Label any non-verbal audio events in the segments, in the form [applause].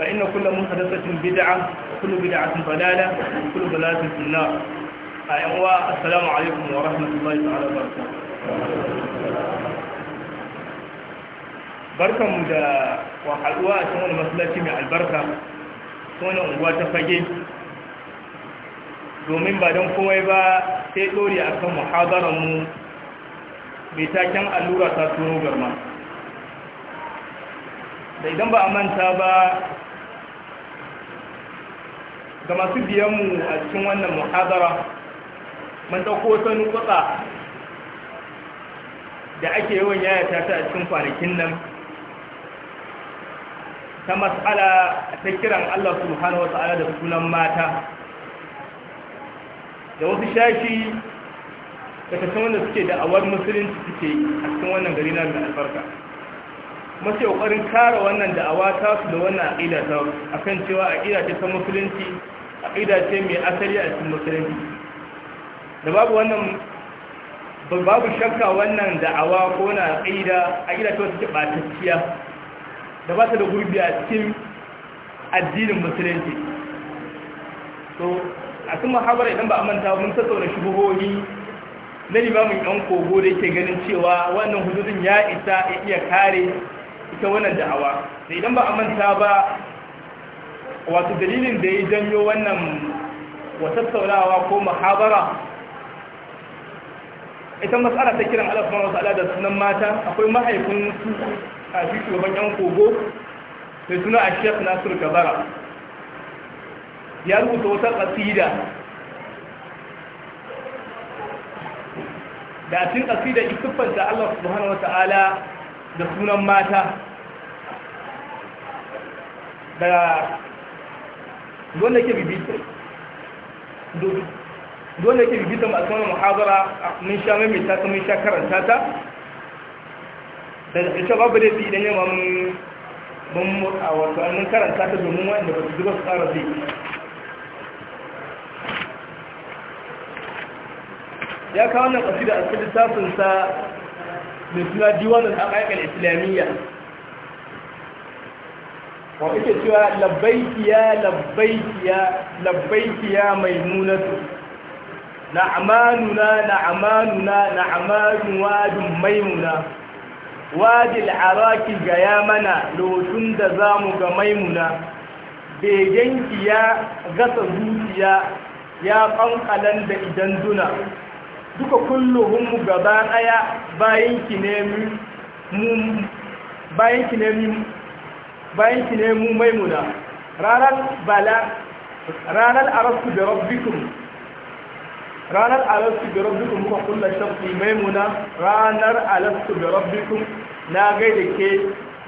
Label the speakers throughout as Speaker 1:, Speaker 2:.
Speaker 1: فإن كل محدثة بدعة وكل بدعة ضلالة وكل ضلالة في النار أيوة السلام عليكم ورحمة الله تعالى وبركاته barkanmu da wahaluwa a cikin wani masallaci mai albarka wani unguwa ta fage domin ba don komai ba sai ɗori a kan muhazaranmu mai taken allura ta turo garma da idan ba a manta ba ga masu biyanmu a cikin wannan muhazara mun ɗauko sanu kutsa da ake yawan yayata ta a cikin kwanakin nan ta matsala ta kiran Allah subhanahu wata'ala da sunan mata da wasu shashi da kasan wanda suke da awar musulunci suke a cikin wannan gari na mai albarka masu yaukarin kare wannan da'awa ta su da wannan aƙida ta akan cewa aƙida ce ta musulunci aƙida ce mai asali a cikin musulunci da babu wannan babu shakka wannan da'awa ko na aƙida aƙida ta wata ce ɓatacciya da ba ta da gurbi a cikin addinin musulunci so a cikin mahabar idan ba a manta mun tattauna shubuhohi na limamin yan kogo da yake ganin cewa wannan hududin ya isa ya iya kare ita wannan da'awa da idan ba a manta ba wato dalilin da ya janyo wannan watattaunawa ko muhabara ita matsala ta kiran Allah subhanahu da sunan mata akwai mahaifin su a fi shugaban yan kogo mai suna a shek nasir gabara ya rubuta wata ƙasida. da a cikin kasida ikifanta Allah subhanahu da sunan mata da dole ke bibita dole yake bibita a saman muhazara mun sha mai ta mun sha karanta ta daga ƙarshe babu laifi idan yamma mun mun a wato annin karanta ta domin wanda ba su zuba su tsara zai ya kawo wannan ƙasida a cikin tasinsa da suna diwanin ƙaƙar islamiyya wa ita cewa labbaikiya labbaikiya labbaikiya mai munatu na amanuna na amanuna na amanun wadin maimuna wadil araki gaya mana lotun da zamu ga maimuna begenki ya gasa zuciya ya ƙanƙalan da idan duna duka kulluhunmu gaba ɗaya bayanki ne mu bayan ki ne mu maimuna ranar bala ranar arastu da rabbikum ranar alastu da rabbikum kuka kulla shafi maimuna ranar alastu da
Speaker 2: rabbikum na gaida ke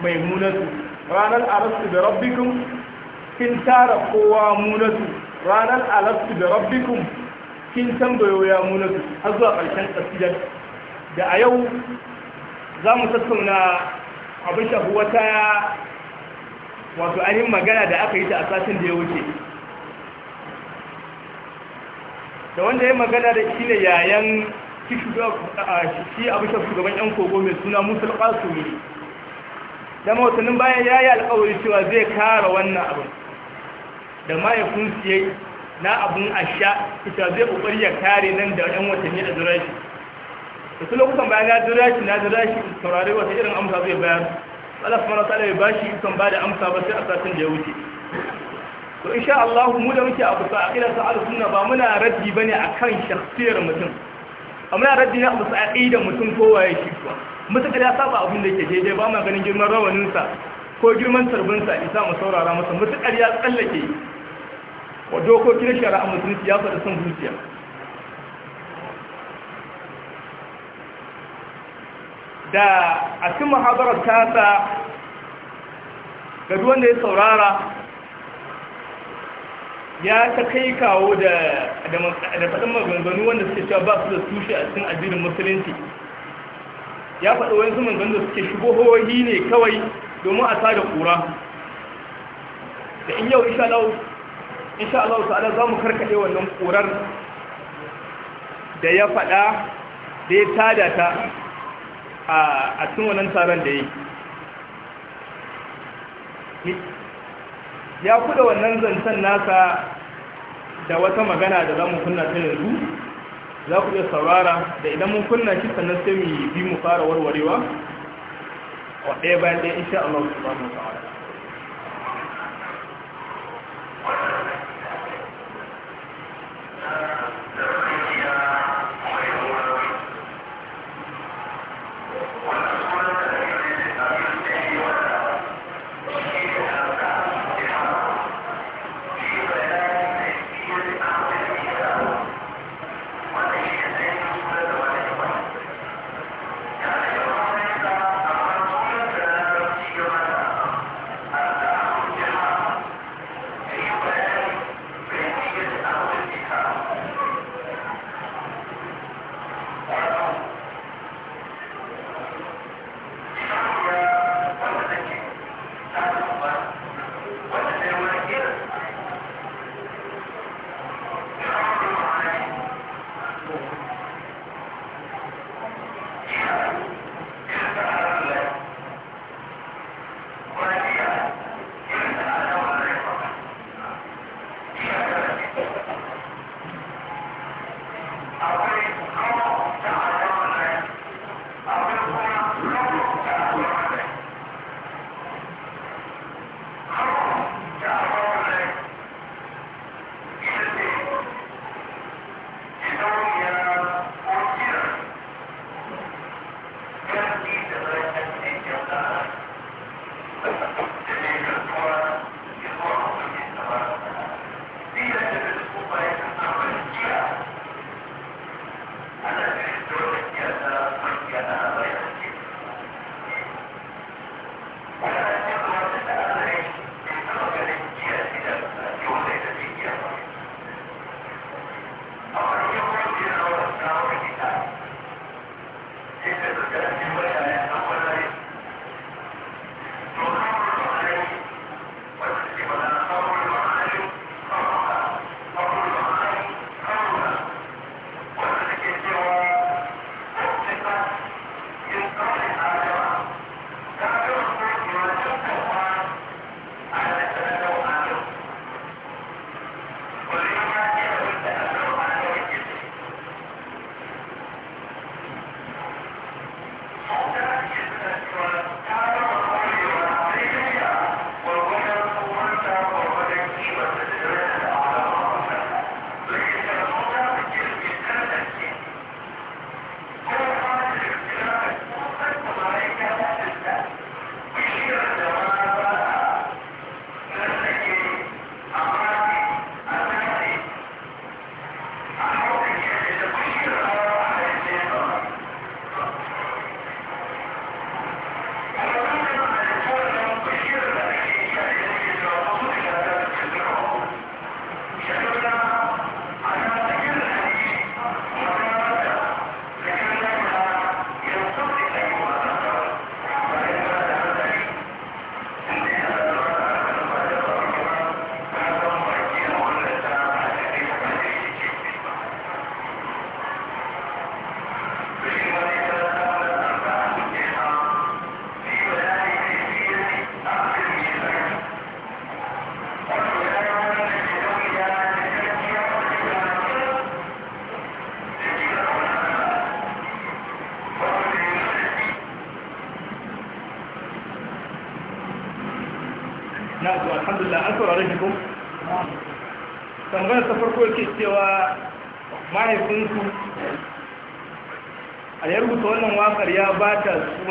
Speaker 2: maimunatu ranar alastu da rabbikum kin tara kowa munatu ranar alastu da rabbikum
Speaker 1: kin tambayo ya munatu har zuwa ƙarshen tafiyar da a yau za mu tattauna abin shafi wata wato ainihin magana da aka yi ta a satin da ya wuce da wanda ya magana da shi ne yayan shi abu shugaban yan kogo mai suna musul ne da mawatannin bayan ya yi alkawari cewa zai kara wannan abin da mahaifin siye na abin asha ita zai ƙoƙari ya kare nan da yan watanni a zurashi da su lokutan bayan ya zurashi na zurashi taurari saurari wata irin amsa zai bayar Allah subhanahu wataala ya bashi ba bada amsa ba sai a satin da ya wuce to insha Allah mu da muke a kusa aqida sa al-sunna ba muna raddi bane akan shakhsiyar mutum amma raddi ne a kusa da mutum kowa ya shi kuwa mutum ya saba abin da yake daidai ba ma ganin girman rawanin sa ko girman tarbinsa isa mu saurara masa mutum ya tsallake wa dokokin shari'a musulunci ya faɗi son zuciya da a cikin muhabarar tasa ga wanda ya saurara ya ta kai kawo da faɗin maganganu wanda suke cewa ba su da tushe a cikin addinin musulunci ya faɗi wani su maganganu da suke hohi ne kawai domin a tada kura da in yau insha Allah ta'ala za mu karkaɗe wannan kurar da ya faɗa da ya tada ta a cikin wannan taron da yi ya kuda wannan zancen nasa da wata magana da za mu kunna ta yanzu za ku iya saurara da idan mun kunna shi sannan sai mu yi mu fara warwarewa wa ɗaya bayan ɗaya insha Allah subhanahu wa ta'ala Thank you.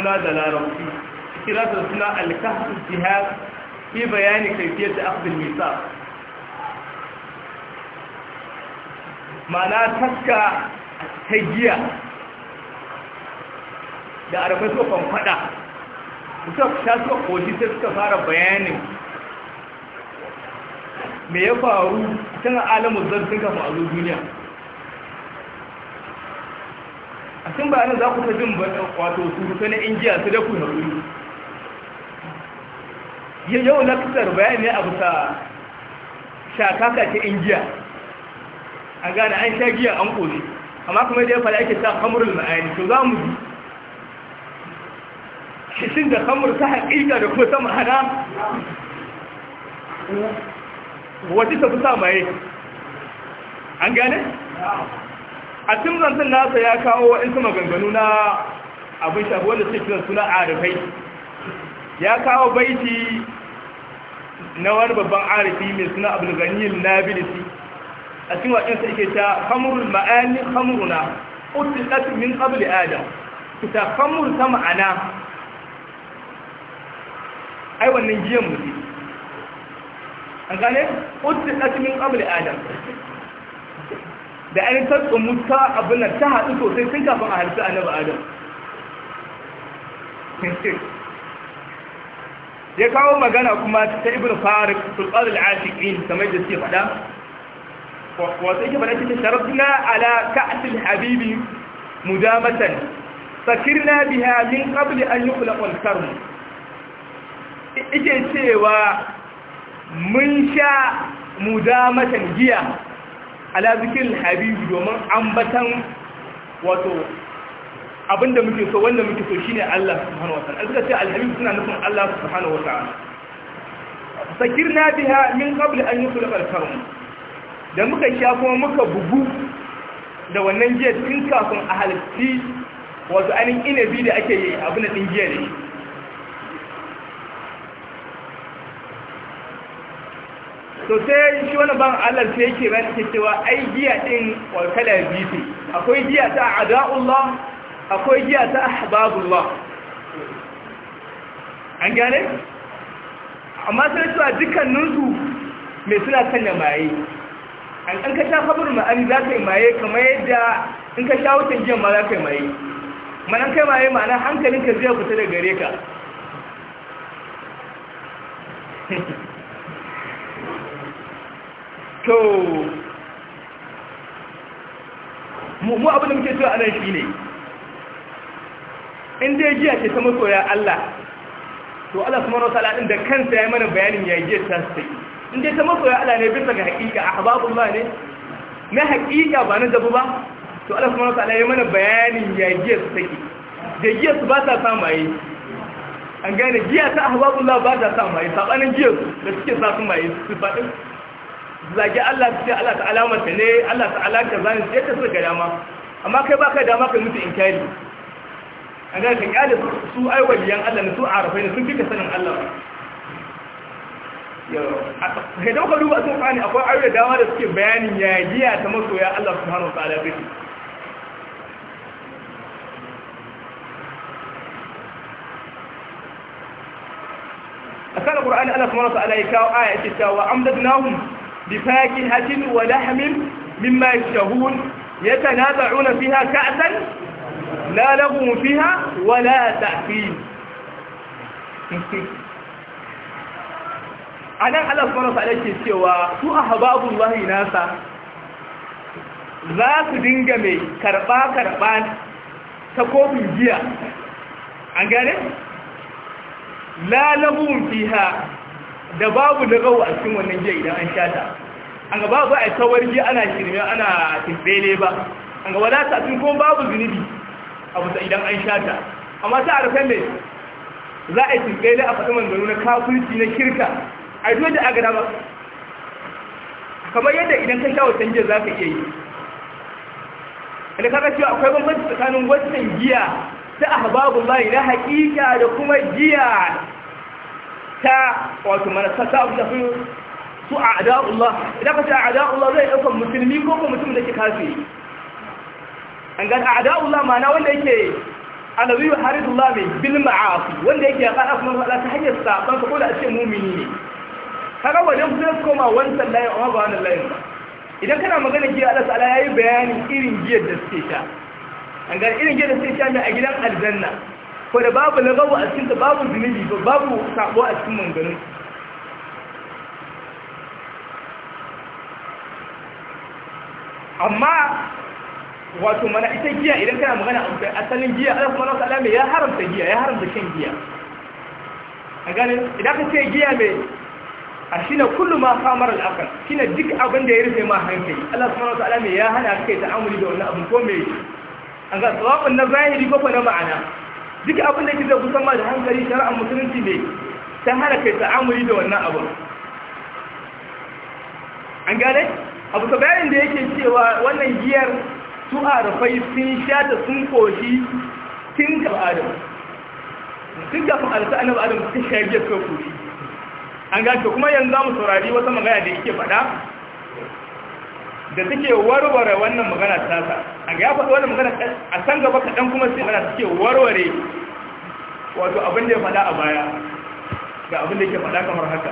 Speaker 1: suna da larabci kira suna alkahar jihar fi bayani kaifiyar da abin nisa mana taska ta giya da arabai suka kwamfada suka sha suka koji sai suka fara bayanin me ya faru tana alamun zartun kafin a zo duniya sa za ku ta jin wato surutu na injiya su da ku haƙuri yau na kasar bayani a bisa shakaka ta injiya a gane an sha giya an ƙoshi amma kuma da ya fara ake sa hamurin ma'ayani to za mu ji shishin da hamur ta haƙiƙa da kuma ta ma'ana wata ta fi sa maye an gane? a cikin zancen nasa ya kawo waɗansu maganganu na abin shafi wanda suke kiran suna arifai ya kawo baiti na wani babban arifi mai suna abulganiyin nabilisi a cikin waɗansa ike ta hamurul ma'ani hamuruna utilat min qabli adam kita hamur ta ma'ana ai wannan giyan mutum an gane utilat min qabli adam da ainihin tsumu ta abin nan ta haɗu sosai sun kafin a harfi annabi adam [laughs] ya kawo magana kuma ta ibn Faruk, sulɓar al'ashikin kamar da suke faɗa Wasu yake faɗa cikin sharafina ala ka'atul habibi mudamatan sakirna biya min qabli an yukhlaqa al-karm ike cewa mun sha mudamatan giya ala bikin habibi domin ambatan wato abinda muke so wanda muke so shine Allah subhanahu ta'ala suka ce alhabib suna nufin Allah subhanahu ta'ala sakirna biha min qabl an yukhluqa al-kawn da muka sha kuma muka bugu da wannan jiya tun kafin a wato anin inabi da ake yi abin da din jiya ne to sai shi wani ban Allah sai yake ba yake cewa ai giya din kala biyu ce akwai giya ta ada'ullah akwai giya ta ahbabullah an gane amma sai a dukkanin su me suna sanya maye an an ka sha mu an za ka yi maye kamar yadda in ka sha wutan giyan ma za ka yi maye an kai maye ma'ana hankalinka zai fita da
Speaker 2: gare ka [laughs] to
Speaker 1: mu abin da muke so a nan shi ne in dai jiya ke ta masoya Allah to Allah kuma wa ta'ala da kansa ya mana bayanin ya jiya ta sai in dai ta masoya Allah ne bisa ga haƙiƙa ahbabullah ne na haƙiƙa ba na dabu ba to Allah kuma wa ta'ala ya mana bayanin ya jiya ta sai da jiya su ba ta samu ayi an gane jiya ta ahbabullah ba ta samu ayi sabanin jiya da suke sa su mai su fadin zage Allah su ce Allah ta'ala mata ne Allah ta'ala ka su yadda su ga dama amma kai ba kai dama kai mutu inkari a ga ka kyale su ai waliyan Allah ne su arafai ne sun fika sanin Allah kai don ka duba sun fani akwai aure dama da suke bayanin yagiya ta masoya Allah subhanahu wa ta'ala a kan ƙura'ani Allah subhanahu wa ta'ala ya kawo aya ce cewa amdadnahum بفاكهة ولحم مما يشتهون يتنازعون فيها كأسا لا لغو فيها ولا تأثيم a nan Allah subhanahu wa ke cewa su ahbabullahi nasa za su dinga mai karba karba ta kofin giya an da babu lagawa a cikin wannan giya idan an ta. an ga ai a tawarji ana shirme ana timbele ba an ga wadata tun kuma babu zunubi a bisa idan an shata amma ta arfan ne za a yi timbele a faɗi manzanni na kafirci na shirka a yi da agada ba kamar yadda idan ka sha watan jiya za ka iya yi da kaga cewa akwai bambanci tsakanin wancan giya ta ahbabun layi na hakika da kuma giya ta wato mana ta abu da su a ada'ullah idan ka ce a ada'ullah zai ɗaukar musulmi ko ko mutum da ke kafi an gani a ada'ullah mana wanda yake alawiyu haridullah mai bil ma'afi wanda yake ya ƙara kuma ta hanyar saɓon ka ko a ce mumini ne kaga wajen zai koma wancan layin amma ba wannan layin ba idan kana magana giya Allah ta'ala yi bayanin irin giyar da suke sha an gani irin giyar da suke sha ne a gidan aljanna ko da babu lagabu a cikin babu zunubi babu sabo a cikin manganin amma wato mana ita giya idan kana magana a asalin giya Allah subhanahu wataala mai ya haramta giya ya haramta shan giya a gane idan ka ce giya mai a shine kullu ma famar al shi shine duk abin da ya rufe ma hankali Allah subhanahu wataala mai ya hana kai ta'amuli da wannan abin ko mai an ga tsawabin na zahiri ko na ma'ana duk abin da kike kusan ma da hankali shari'ar musulunci ne ta hana kai ta'amuli da wannan abin an gane abu ta da yake cewa wannan giyar su arafai sun sha ta sun koshi tun kafin adam tun kafin alisa annabi adam suka sha giyar suka koshi an gace kuma yanzu za mu saurari wata magana da yake faɗa da suke warware wannan magana tasa a ga ya faɗi wannan magana a san gaba kaɗan kuma sai magana suke warware wato abin da ya faɗa a baya ga abin da yake faɗa kamar haka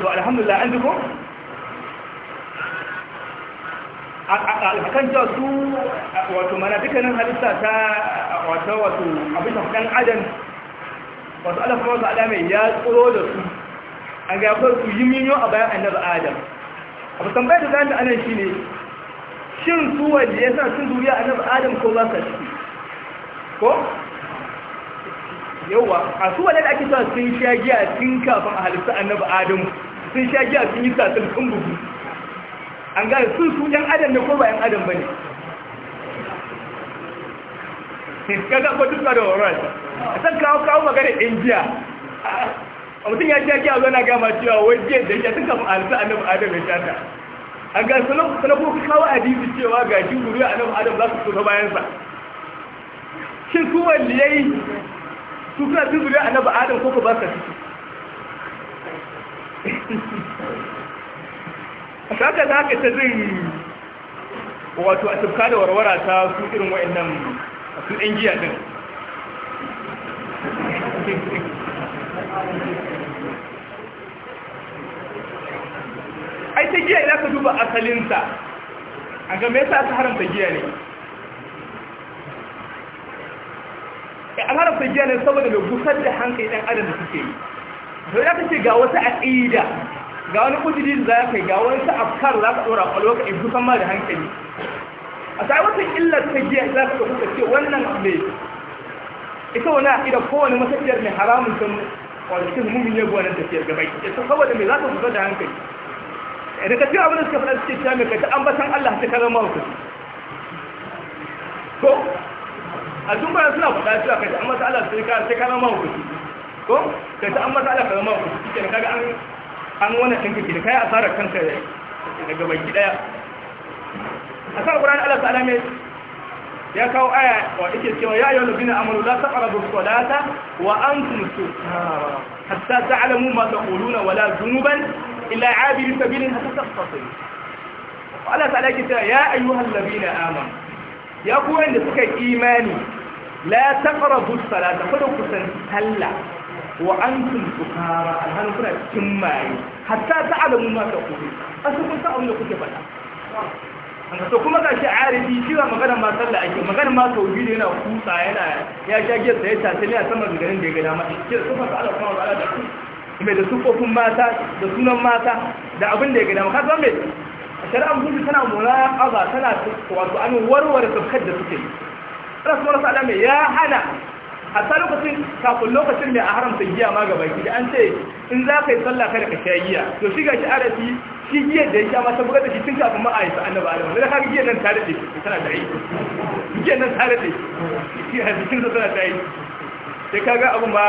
Speaker 1: to alhamdulillah an ji ko kan cewa su wato mana dukkanin halitta ta wato wato abin da kan adam wato Allah kuma wasu alamai ya tsoro da su an ga kwar su yi miniyo a bayan annabi adam abu tambayar da zan da anan shi ne shin su wanda ya sa sun zuriya annabi adam ko ba sa ciki ko yawa a su wanda ake sa sun sha giya tun kafin a halitta annabi adam sun sha giya sun yi satin sun bugu an gaya sun su yan adam ne ko ba yan adam ba ne kaga ko duk da A san kawo kawo magana in giya a mutum ya sha giya zo na gama cewa wai giya da ya duka alisa annabi adam ya shata an gane sana ko kawo hadisi cewa ga shi guri annabi adam za su so bayansa shin kuma wanda ya yi su suna guri a annabi adam ko ka ba su kaka za ka ta yi, wato a tufka da warwara ta su irin wa'annan su ɗan giya ɗin ai ta giya idan ka duba asalinsa a game ta ta haramta giya ne an haramta giya ne saboda da gusar da hankali ɗan adam da suke yi sau ya ka ce ga wata aƙida ga wani kujiri da za ka yi ga wani ta'afkar za ka ɗora a ka in kusan ma da hankali a sai wata illar ta giya za ka kuka ce wannan mai ita wani a aƙida kowane masakiyar mai haramun kan kwanakin mummin ya nan tafiyar gaba bai ta saboda mai za ka kuka da hankali da ka fi abin da suka faɗa suke cewa mai an ambatan Allah ta kaga mahaukaci ko a tun bayan suna faɗa cewa ka ta ambatan Allah ta kaga mahaukaci ko kai ta ambatan Allah ka kaga mahaukaci ke da kaga an an wannan kanka ki da kai asarar kanka daga baki daya a sa ƙuran Allah ta'ala mai ya kawo aya wa ike cewa ya yi wani gina amalu la ta ƙarabu salata wa an tuntu hatta ta alamu masu ƙuluna wala zunuban ila abiri sabilin hatta ta fasari Allah ta'ala ke cewa ya ayyu hallabi na aman ya kuwa da suka imani la ta ƙarabu salata kada kusan sallah wa an sun sukara kuna cikin maye hatta ta alamun ma ta kuri a su kun san abin da kuke faɗa an kaso kuma ga shi arifi shi ba magana ma sallah ake magana ma tauhi da yana kusa yana ya sha giyar da ya tace ne a sama da garin da ya gada dama ke su fasa ala kuma ala da su mai da sufofin mata da sunan mata da abin da ya gada dama ka mai mai shari'ar musulmi tana mura aza tana wato an warware sabkar da suke rasu wani sa'ada mai ya hana hatta lokacin kafin lokacin da a haramta giya ma gaba ki an ce in za ka yi sallah kada ka sha giya to shi gashi arafi shi giya da ya sha ma ta bugar da shi tun kafin ma a yi sa annabi adam da kaga giya nan tare da shi tana da yi giya nan tare da shi a jikin sa tana da aiki sai kaga abu ma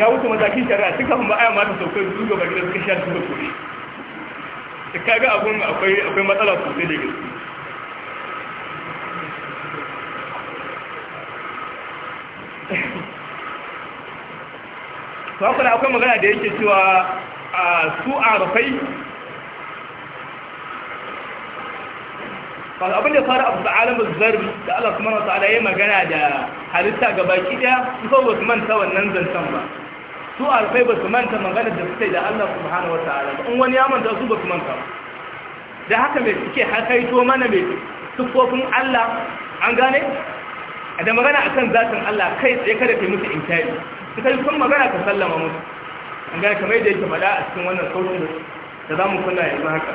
Speaker 1: ya wuce mazakin shari'a tun kafin ma aya ma ta sauka zuwa gaba gidan suka sha su da kuri sai kaga abun akwai akwai matsala sosai da gaske to haka da akwai magana da yake cewa a su arafai wasu abin da fara abu alamun zarbi da Allah kuma wasu ala yi magana da halitta ga baki daya su ba su manta wannan zancen ba su arafai ba su manta magana da suka yi da Allah subhanahu wa ta'ala ba in wani ya manta su ba su manta ba da haka mai suke to mana mai tukofin Allah an gane da magana akan zatin Allah kai tsaye kada yi musu inkari su kai sun magana ka sallama musu an gane kamar yadda yake faɗa a cikin wannan sautin da za mu kunna yanzu haka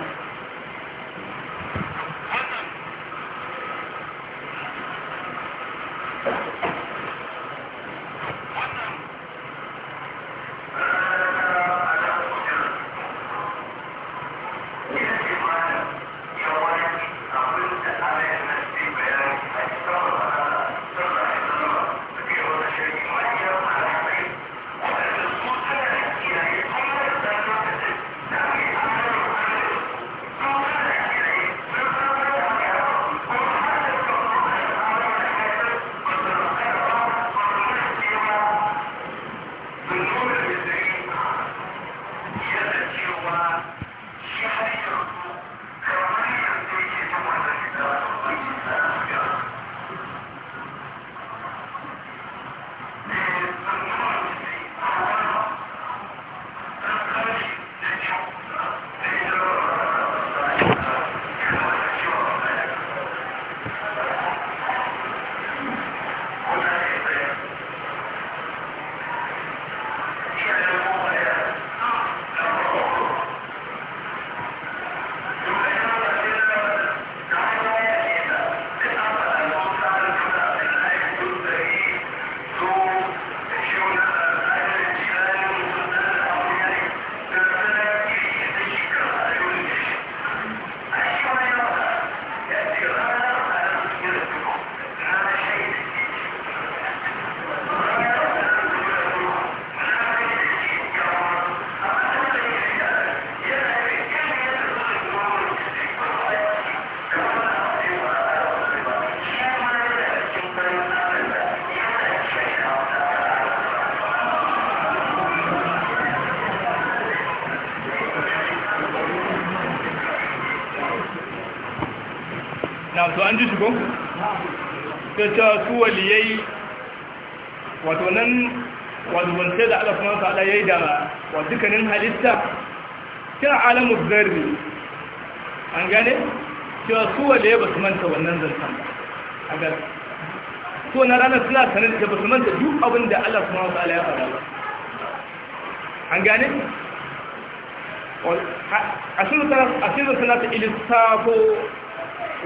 Speaker 1: a cikin suna ta
Speaker 2: ilistafo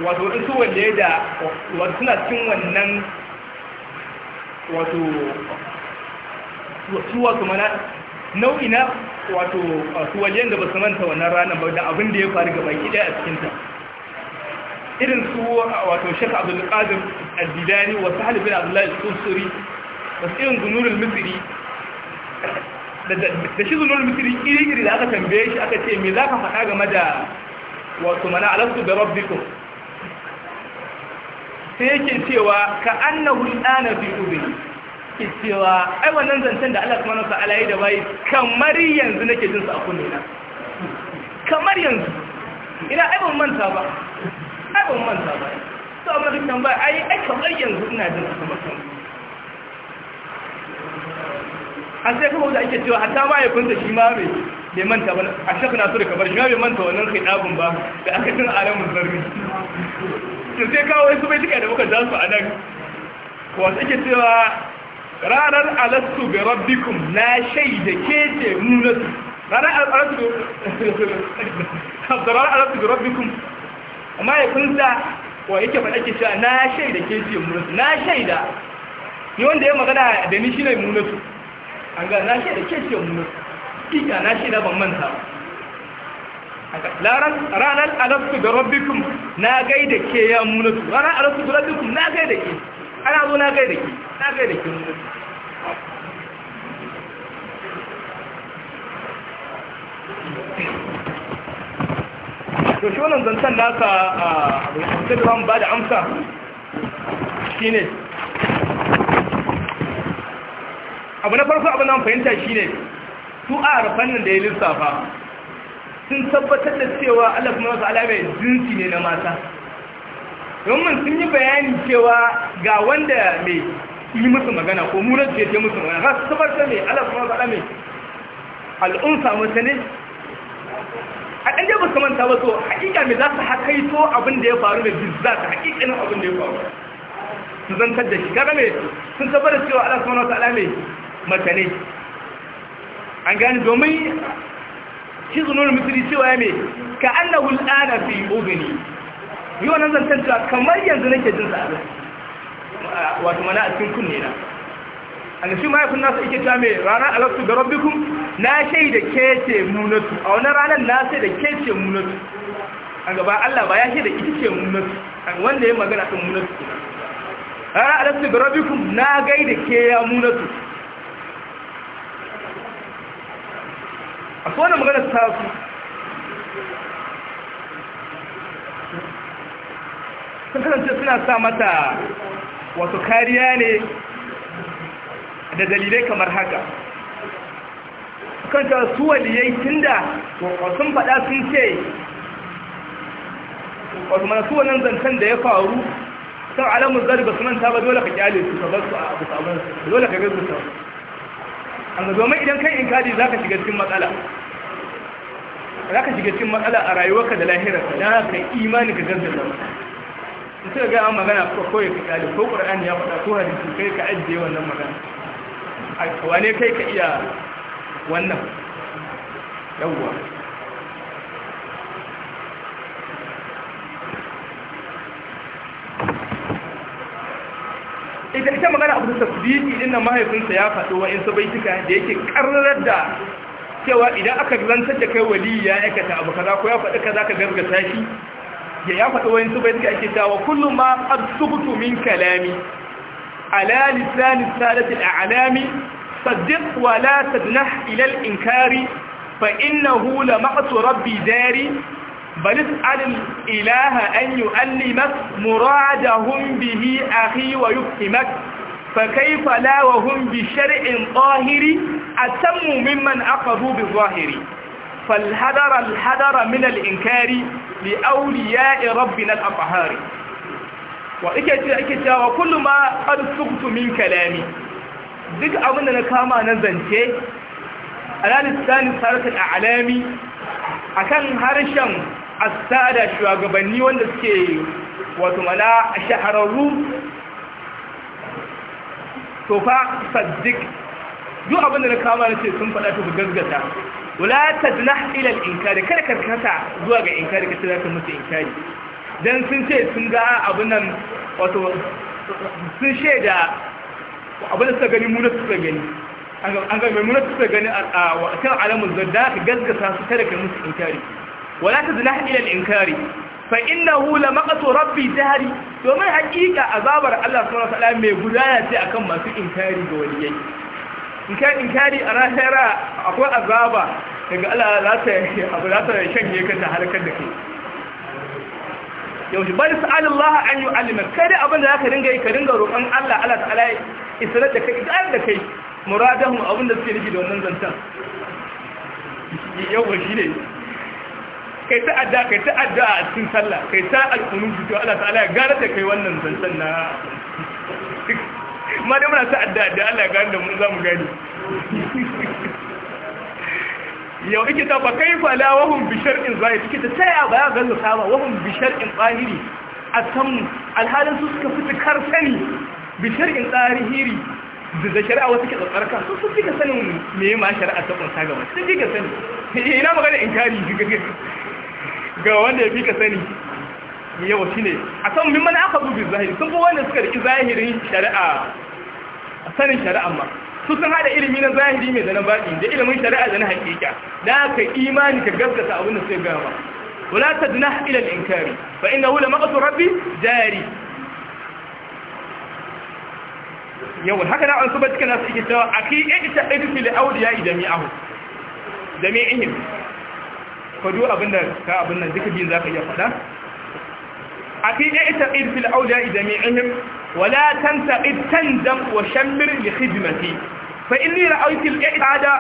Speaker 1: wato waɗansu wanda ya da wato suna cikin wannan wato su wasu mana nau'i na wato su wajen da ba su manta wannan ranar ba da abin da ya faru gaba ɗaya a cikinta irin su wato shek abdulkadir al-didani wasu halifin abdullahi al-kusuri wasu irin gunurul misiri da shi zunar misiri iri-iri da aka tambaye shi aka ce me za ka faɗa game da wato mana alasu da rabbikum sai yake cewa ka annahu na fi ube ke cewa ai wannan zancen da Allah manasa alayi da bayi kamar yanzu nake jin sa a kunne na kamar yanzu ina ai ban manta ba ai ban manta ba to amma kan tambaya ai ai kamar yanzu ina jin sa kamar yanzu a sai kuma da ake cewa hatta kunta shi ma mai bai manta ba a shaka na so da kabar shi ma bai manta wannan ɗabin ba da aka tun alamun zarri su sai kawo wasu bai cika da muka za su a nan wasu ake cewa ranar alastu bi rabbikum na shaida ke ce munatu ranar alastu ranar alastu bi rabbikum kunta wa yake faɗa ke cewa na shaida ke ce munatu na shaida ni wanda ya magana da ni shi ne munatu an ga na shi da kyakkyar mu kika na shi da ban manta aka laran ranan alaftu da rabbikum na gai da ke ya munutu ranan alaftu da rabbikum na gai da ke ana zo na gai da ke na gai da ke munutu to shi wannan zantan nasa a abin da ba da amsa shine abu na farko abin nan fahimta ne su a harfan nan da ya lissafa sun tabbatar da cewa Allah kuma wasu alamai jinsi ne na mata domin sun yi bayani cewa ga wanda mai yi musu magana ko murar ce musu magana za su tabbatar mai Allah kuma wasu alamai al'unsa mata ne a ɗan jabar kamanta ba so hakika mai za su haƙaito abin da ya faru mai bizzata hakikanin abin da ya faru su zantar da shi kaga mai sun tabbatar cewa Allah subhanahu wa ta'ala mai matane an gani domin shi zunurin misali cewa ya mai ka na al'ana fi ogani. yi wannan zartar cewa kamar yanzu na ke jin sa'adu wato mana a cikin kunne na an shi ma yakun nasa ike cewa mai rana alaftu da rabbikun na shai da kece munatu a wani ranar na sai da kece munatu a gaba Allah ba ya shai da ita ce munatu wanda ya magana kan munatu rana alaftu da rabbikun na da ke ya munatu a kowane magana ta su sun kasance suna sa mata wato kariya ne da dalilai kamar haka kanta su waliyai tun da sun faɗa sun ce wasu su wannan zancen da ya faru sun alamun zarga su manta ba dole ka kyale su ka basu a abu sabon dole ka gaisu amma domin idan kai in kadi zaka shiga cikin matsala za ka shiga cikin matsala a rayuwarka da lahirarka dan haka imani ka gazzata sai ga an magana ko kawai ka kadi ko ƙur'ani ya faɗa ko hadisi kai ka ajiye wannan magana ai wane kai ka iya wannan yawwa ita ita magana abu da tasbihi din nan mahaifinsa ya faɗo wa in sabaitika da yake karrar da cewa idan aka zantar da kai wali ya aikata abu kaza ko ya faɗi kaza ka gargata shi ya ya faɗi wa in sabaitika ake cewa kullum ma absubutu min kalami ala lisani salati al'alami صدق ولا تدنح إلى الإنكار فإنه لمقت rabbi dari? balis alil ilaha an yi alimak muradahun bihi ahi wa yukimak fakai falawahun bi shari'in ƙahiri a sanmu mimman aka zubi zahiri falhadara-hadara minal inkari li auri ya irabbi na ƙafahari wa ike cewa kullu ma ƙar min kalami duk abin na kama na zance a ranar tsanin sarakar alami a kan harshen asada shugabanni wanda suke wato mana shahararru to fa saddiq duk abin da na kama na ce sun faɗa to gaggata wala tadnah ila al-inkari kada ka kasa zuwa ga inkari ka tada ka musu inkari dan sun ce sun ga abin nan wato sun shaida abin da suka gani mu da suka gani an ga mai mu da suka gani a kan alamun zadda ka gaggata su kada ka musu inkari wala tazlah إلى الإنكار inkari fa hula la maqtu rabbi jahri domin hakika azabar Allah subhanahu wa ta'ala mai gudana ce akan masu inkari ga waliyai inkari inkari a rahira akwai azaba daga Allah za ta abu za ta shanye ka ta halakar da kai yaushe bari an kada abin da zaka dinga yi ka dinga roƙon Allah Allah ta ala isra da kai idan da kai abin da suke nufi da wannan zantan shi ne. kai ta adda kai ta adda a cikin sallah kai ta alƙunun fito Allah ta'ala ya gara da kai wannan zansan na ma da muna ta adda adda Allah ya gara da mu za mu gani yau ike ta ba kai fa la wahum bi shar'in zahir ike ta sai a ya ga zata ba wahum bi shar'in zahiri a kan alhalin su suka fi kar sani bi shar'in zahiri da shari'a wasu ke tsarka su sun fi ka sanin me ma shari'a ta kunsa gaba sun fi ka sani ina magana inkari ga wanda ya fi ka sani yawa shi ne a san min mana aka zubin zahiri sun fi wanda suka riki zahirin shari'a a sanin shari'a ma su sun haɗa ilimi na zahiri mai da na baɗi da ilimin shari'a da na hakika Na aka imani ka gaskata abin da sai gama wala ta dina ilal inkari fa inna hula maƙasu rabbi jari yawan haka na an su ba cikin nasu ike cewa a ki ya ita ɗaifi fili auliya jami'ahu jami'ihim fado abin ka abin nan duka biyun za ka iya faɗa a fi ya ita ƙid fil auda jami'ihim wala tan taƙid tan dam wa shammir li khidmati fa inni ra'aytu al-i'tada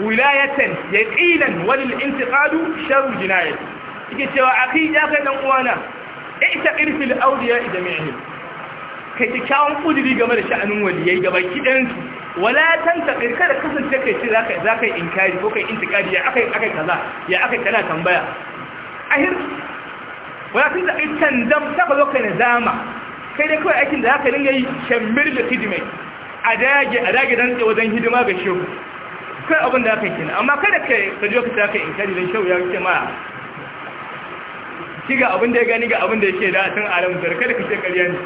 Speaker 1: wilayatan yaqinan wal intiqadu sharru jinayati yake cewa a akhi ya kai dan uwana Ya ita irfil auliya jami'ihim kai kikkiawan kudiri game da sha'anin waliyai gabaki ɗayansu wala tantaqir kada kasance kai ce zaka zaka inkari ko kai intikadi ya akai akai kaza ya akai kana tambaya ahir wala tantaqir tandam ta bazo kai zama kai dai kawai aikin da zaka dinga yi shammir da hidimai a dage a dage dan wajen hidima ga shehu kai abin da aka yi kenan amma kada kai ka je ka ta inkari dan shehu ya ce ma shi ga abin da ya gani ga abin da yake da tun alamu kada ka ce ƙarya ne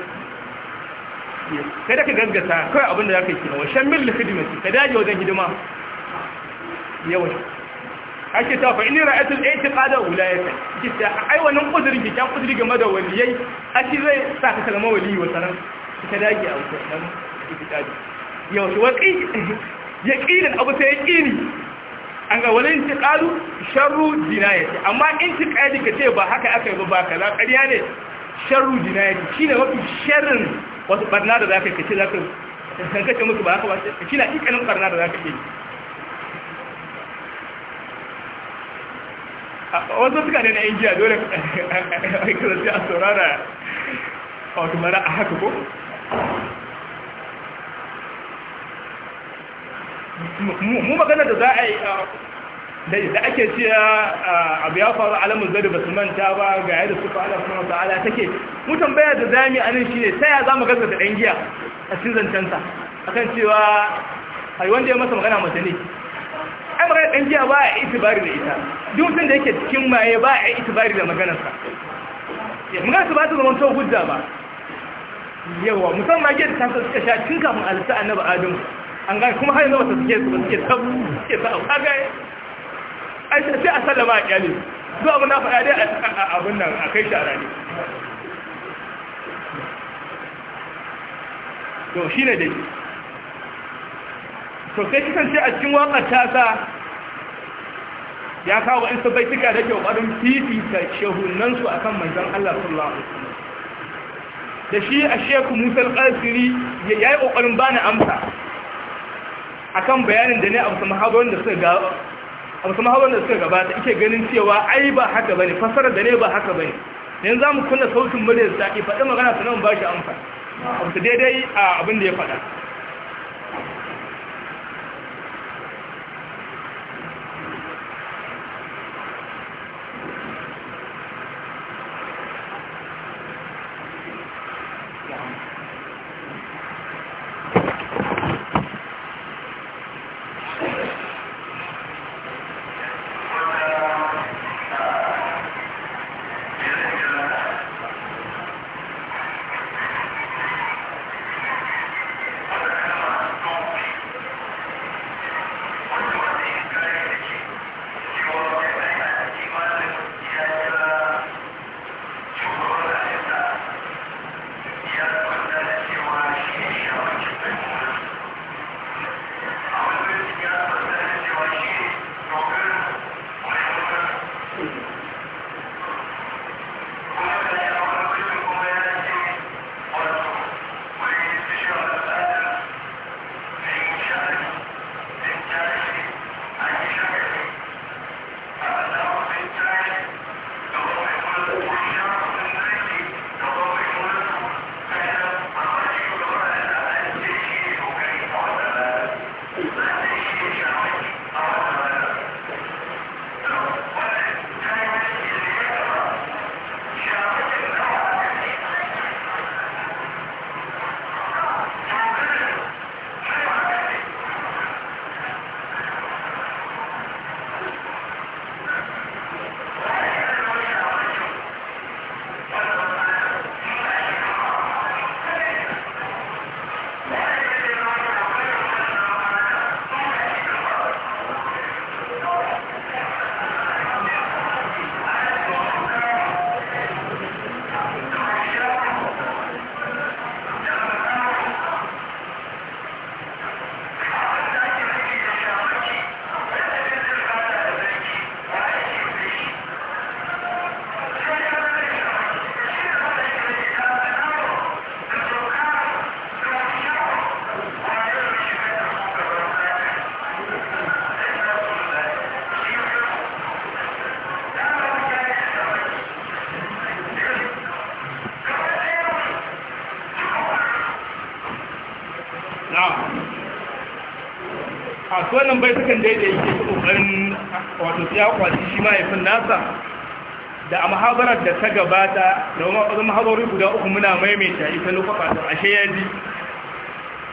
Speaker 1: kada ka gaggata kawai abinda za ka yi kina washen mil hidimati ka dage wajen hidima yawan ake ta fa inni ra'atul i'tiqada ulayata kita ai wannan kudirin ki kan kudiri game da waliyai aki zai sa ka kalma wali wa sanan ka daji a wannan i'tiqadi yau shi waqi yaqinan abu sai yaqini an ga wani intiqalu sharru dinayati amma intiqadi ƙaya ce ba haka aka yi ba kaza ƙarya ne sharru jinayati ne mafi sharrin wasu barna da za ka kace za ka kace musu ba haka ba na ikanin barna da za zaka yi wasu suka ne na injiya dole aikata sai a saurara a wata mara a haka ko mu magana da za
Speaker 2: a yi da ake
Speaker 1: cewa abu ya faru alamun zai da su manta ba ga yadda su fa'ala su mata ala take mutum baya da zami a nan shi ne ta ya za mu gasa da ɗan giya a cikin zancensa a kan cewa ai wanda ya masa magana mace ne ai magana ɗan giya ba a itibari da ita duk mutum da yake cikin maye ba a itibari da maganarsa magana su ba ta zama to hujja ba yawa musamman giya da ta suka sha tun kafin alisa annabi adam an gane kuma har yanzu ba su suke su ba suke sabu suke sabu ai sai a sallama a kyale zuwa abin da faɗa dai a abin nan a kai shara ne to shi ne dai to sai kasance a cikin waƙar tasa ya kawo wa bai baituka da kyau ɓarin fifita shehunansu a kan manzan Allah sallallahu Alaihi da shi a sheku musar ƙasiri ya yi ƙoƙarin ba na amsa a kan bayanin da ne a wasu mahabarin da suka abu kuma hawan da suka gabata ike ganin cewa ai ba haka bane fasarar da ne ba haka bane yanzu zamu kunna sautin muryar sa faɗi magana sanan ba shi amfani abu daidai a abin da ya faɗa ya kwaci shi mahaifin nasa da a mahabarar da ta gabata da wani mahabarori guda uku muna maimaita ita lokacin ashe ya ji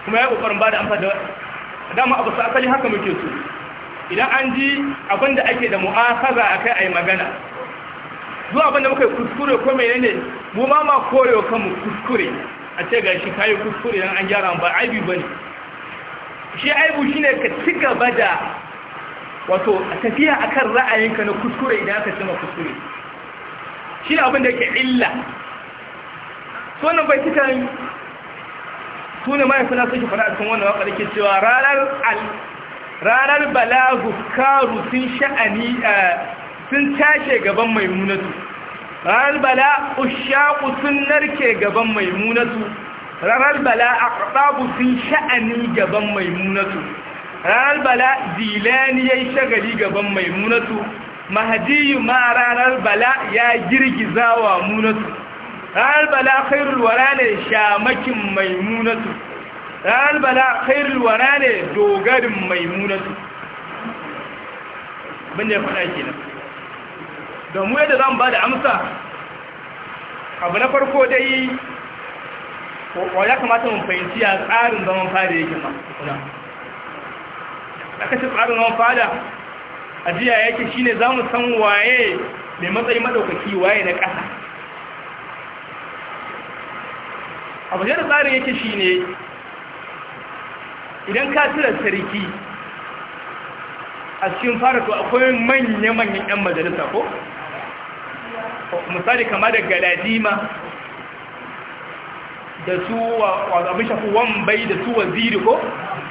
Speaker 1: kuma ya kokarin ba da amsa da dama abu sa'asali asali haka muke so idan an ji abinda ake da mu'akaza a kai a yi magana zuwa abinda muka yi kuskure ko mai ne mu ma ma koyo kanmu kuskure a ce ga shi kayi kuskure don an gyara ba aibi ba ne shi aibu shi ne ka ci gaba da wato tafiya a kan ra'ayinka na kuskure idan aka cima kuskure shi abin da ke illa sunan bai cikin sunan mahaifina sun shi fara a cikin wannan da ke cewa ranar balagu karu sun sha'ani eh, sun tashe gaban mai munatu ranar bala ushaku sun narke gaban mai munatu ranar bala a sun sha'ani gaban mai munatu ranar bala zilani ya yi shagali gaban mai maimunatu mahadiyu ma ranar bala ya girgiza wa munatu ranar bala khairul wara ne shamakin munatu, ranar bala khairul wara ne dogarin mai munatu. da ya faɗa ke nan domin yadda zan ba da amsa abu na farko dai wa ya kamata mun fahimci a tsarin zaman fada yake ma aka ce tsarin wani fada a jiya yake ne za mu san waye mai matsayi maɗaukaki waye na ƙasa waje da tsarin yake ne idan ka tura sarki a cikin fara to akwai manya-manyan 'yan majalisa ko misali kama da galadima da su wa abin shafi da su waziri ko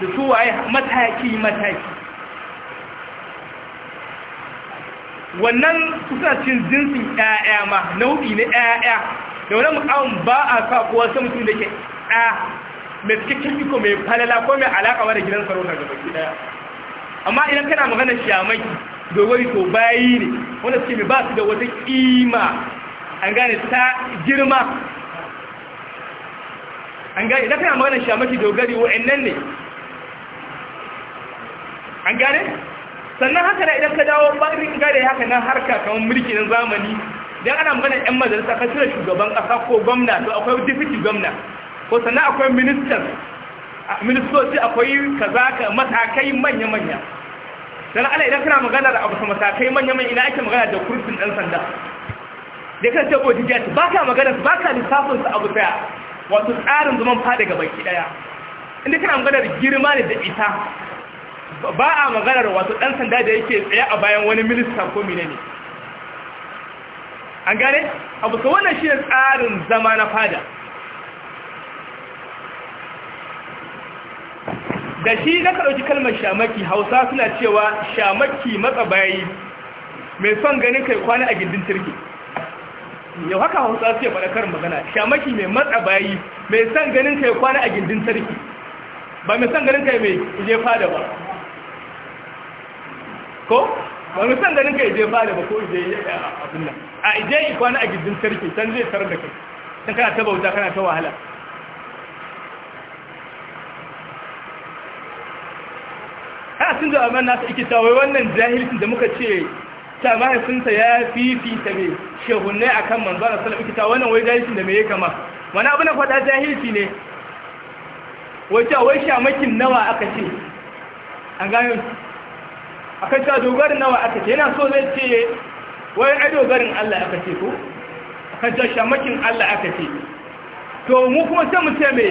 Speaker 1: da su waye mataki-mataki wannan suna cin jinsin ƴaƴa ma nau'i na ƴaƴa da wani mukamin ba a sa kowa sai mutum da ke Me mai cikakken iko mai falala ko mai alaƙa da gidan sarauta gaba ki ɗaya amma idan kana magana maki, dogori to bayi ne wanda suke mai ba su da wata ƙima an gane ta girma an gane idan kana maganar shamaki dogari wa'annan ne an gane sannan haka da idan ka dawo in gane haka nan harka kamar mulki na zamani idan ana maganar 'yan majalisa ka cire shugaban ƙasa ko gwamna to akwai deputy gwamna ko sannan akwai a ministoci akwai kaza ka matakai manya-manya sannan ala idan kana magana da abu matakai manya-manya ina ake magana da kursin ɗan sanda da kan ce bodi ba ka magana ba ka lissafin su abu tsaya wato tsarin zaman fada ga baki daya inda kana maganar girma ne da ita ba a maganar wato dan sanda da yake tsaye a bayan wani minista ko mine ne an gane abu ka wannan shi tsarin zama na fada da shi na ka kalmar shamaki hausa suna cewa shamaki matsabayi mai son ganin kai kwana a gindin turki yau haka hausa ce faɗa karin magana shamaki mai matsa bayi mai san ganin ka ya kwana a gindin sarki ba mai san ganin ka mai je fada ba ko ba mai san ganin ka je fada ba ko je abin nan a ije yi kwana a gindin sarki can zai tarar da kai can kana ta bauta kana ta wahala kana sun jawabin nasu ikita wai wannan jahilcin da muka ce ta mahaifinsa ya fifita mai shehunai a kan manzo Allah sallallahu alaihi wannan wai jahilcin da me ya kama wani abu na faɗa jahilci ne wai ta wai shamakin nawa aka ce an gane akan ta dogarin nawa aka ce yana so zai ce wai ai dogarin Allah aka ce ko akan ta shamakin Allah aka ce to mu kuma sai mu ce me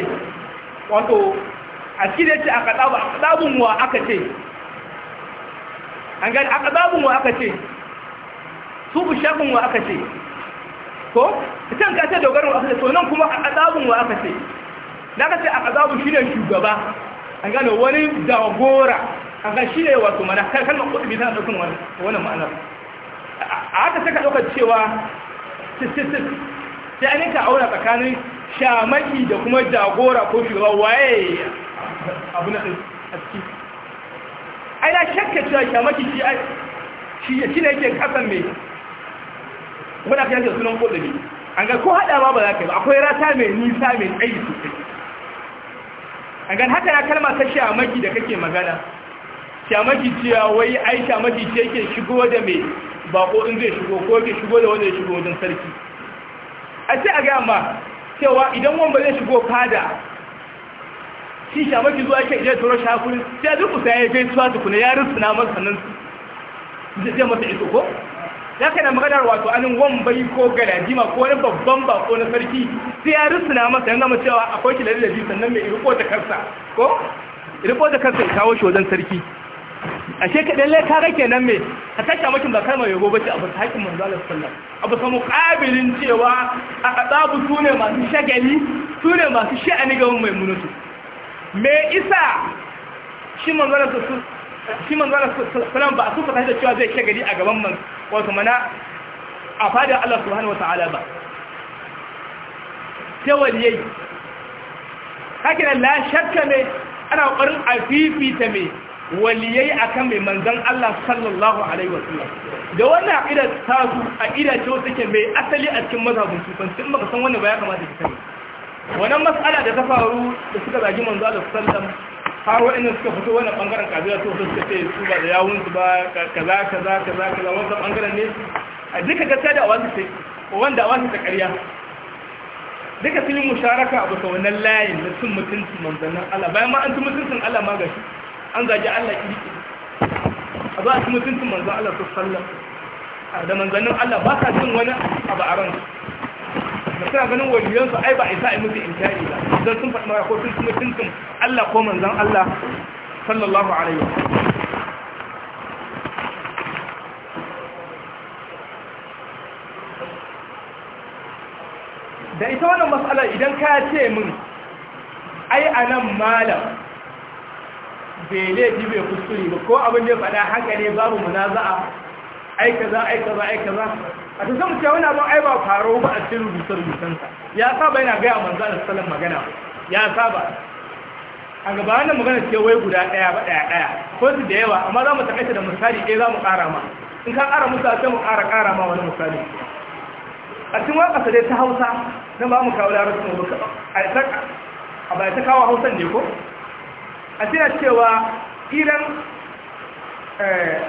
Speaker 1: wato a cikin ce aka dabu aka dabun wa aka ce an gani aka dabun wa aka ce tubu shafin wa aka ce ko kan ka ce dogarin wa aka ce to nan kuma a azabun wa aka ce da aka ce a azabun shi ne shugaba an gano wani dagora an ga shi ne wato mana kalmar kudubi tana ɗaukan wannan ma'anar a haka ka ɗaukar cewa sististik sai an yanka auna tsakanin shamaki da kuma jagora ko shugaba waye abu na aski a ai na shakka cewa shamaki shi ne yake kasan mai wadda ka yanke da sunan ƙudubi an ga ko haɗa ma ba za ka yi ba akwai rata mai nisa mai tsayi sosai an gan haka ya kalma ta shamaki da kake magana shamaki cewa wai ai shamaki ce yake shigo da mai bako in zai shigo ko yake shigo da wanda ya shigo wajen sarki a ce a ga ma cewa idan wanda zai shigo fada shi shamaki zuwa ke ijiyar turo shakuri sai duk kusa ya yi gaisuwa tukuna ya rusuna masa nan zai masa iso ko za ka na maganar wato anin wambai ko galadima ko wani babban bako na sarki sai ya rusuna masa yana gama cewa akwai kilari da biyu sannan mai riko da ko riko da kansa ya kawo shi wajen sarki a shekaɗin lai ka rake nan mai a tashi makin ba kalmar yabo bace a basu haƙin manzo Allah sallam abu samu ƙabilin cewa a ƙasabu su ne masu shagali su ne masu sha'ani gaban mai munutu me isa shi manzo Allah sallam shi manzo Allah sallallahu ba a sun tashi da cewa zai gari a gaban man wato mana a fadar Allah subhanahu wataala ba sai waliyai haka da la shakka ne ana ƙwarin a fifita mai waliyai akan mai manzan Allah sallallahu alaihi wasallam da wannan aqida ta su aqida ce wacce take mai asali a cikin mazhabin sufanci in baka san wannan ba ya kamata ki sani wannan mas'ala da ta faru da suka zagi manzo Allah sallallahu alaihi wasallam har waɗanda suka fito wani ɓangaren kabila su suka ce su ba da yawun su ba kaza kaza kaza kaza wanda ɓangaren ne a duka sai da awansu sai wanda awansu ta ƙarya duka sun yi musharaka a bisa wannan layin da sun mutunci manzannin Allah bayan ma an ci mutuncin Allah ma gashi an zagi Allah kiri a zo a ci mutuncin manzan Allah su sallam da manzannin Allah ba sa jin wani abu a ran da suna ganin waliyansu ai ba isa a musu inkari ba don sun faɗi mawa ko sun kuma tuntun Allah ko manzan Allah sallallahu alaihi wa da ita wannan matsalar idan ka ce min ai a nan malam bai laifi bai kuskure ba ko abin da ya faɗa haka ne babu a ai kaza aika kaza aika kaza a ta samu cewa wani abin ai ba faro ba a cikin rubuce-rubucensa ya saba yana gaya manzo da sallan magana ya saba a gaba wannan magana ce wai guda ɗaya ba ɗaya ɗaya ko su da yawa amma za mu takaita da misali ɗaya za mu ƙara ma in ka ƙara musa, a sai mu ƙara ƙara ma wani misali a cikin waƙasa dai ta hausa na ba mu kawo larabci mu a bai ta kawo hausan ne ko a cewa iran eh,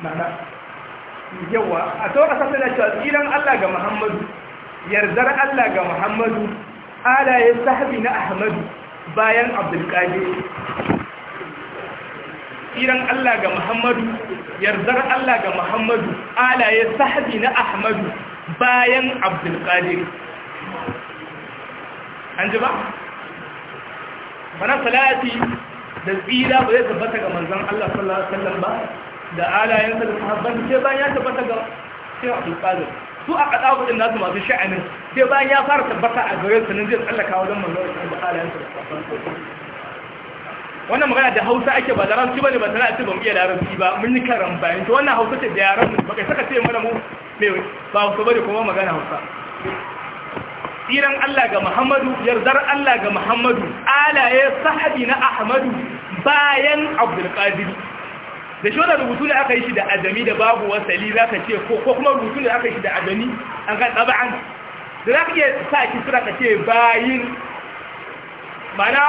Speaker 1: mana yawa a sauran kasa na cewa tsiran Allah ga Muhammadu yarzar Allah ga Muhammadu alayen sahabi na Ahmadu bayan Abdulkadir tsiran Allah ga Muhammadu yarzar Allah ga Muhammadu alayen sahabi na Ahmadu bayan Abdulkadir an ji ba? Mana salati da tsira ba zai tabbata ga manzan Allah sallallahu alaihi wasallam ba da alayensa da sahabban sai bayan ya tabbata ga sai Abdul su a kada gudun nasu masu sha'anin sai bayan ya fara tabbata a gare su nan zai tsallaka wajen manzan Allah da alayensa da wannan magana da Hausa ake ba da Larabci bane ba tana ce ba mu iya Larabci ba mun yi karan bayan to wannan Hausa ce da yaran mu ba kai saka ce mana mu mai ba Hausa bane kuma magana Hausa tsiran Allah ga Muhammadu yardar Allah ga Muhammadu alaye sahabi na Ahmadu bayan Abdul Qadir da shi wannan rubutu ne aka yi shi da Adami da babu wasali zaka ce ko ko kuma rubutu ne aka yi shi da Adami an ga taba'an da zaka iya sa ki sura ka ce bayin mana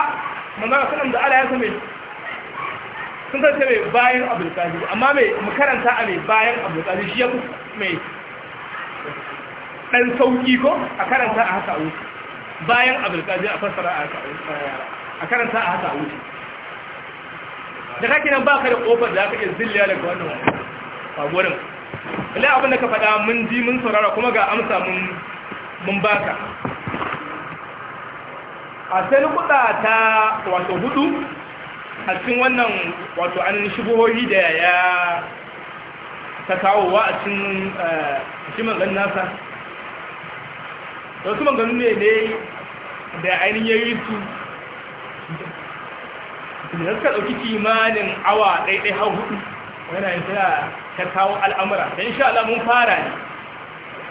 Speaker 1: manzo sallam da Allah ya same sun san ce bayin Abdul Qadir amma mai makaranta a mai bayan Abdul Qadir shi ya mai ɗan sauƙi ko a karanta a haka wuce bayan abulkazi a fassara a haka a karanta a haka wuce da kake nan baka da kofar da aka iya zilliya daga wannan fagorin ilai abin da ka faɗa mun ji mun saurara kuma ga amsa mun baka a sai kuɗa ta wato hudu a cikin wannan wato an shubuhohi da ya ta wa a cikin shimin eh, ɗan nasa da su maganu ne ne da ainihin yi su da suka ɗauki kimanin awa ɗaiɗai hau hudu yana yin suna ta kawo al'amura da insha Allah mun fara ne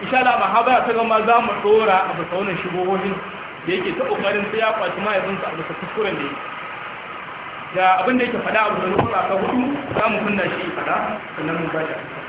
Speaker 1: insha Allah ma haɓa ta gama za mu ɗora a bisa wannan shigohohin da yake ta ƙoƙarin su ya kwaci mahaifinsa a bisa kuskuren da yake da abin da yake faɗa a da lokuta ka hudu za mu kunna shi faɗa sannan mun ba shi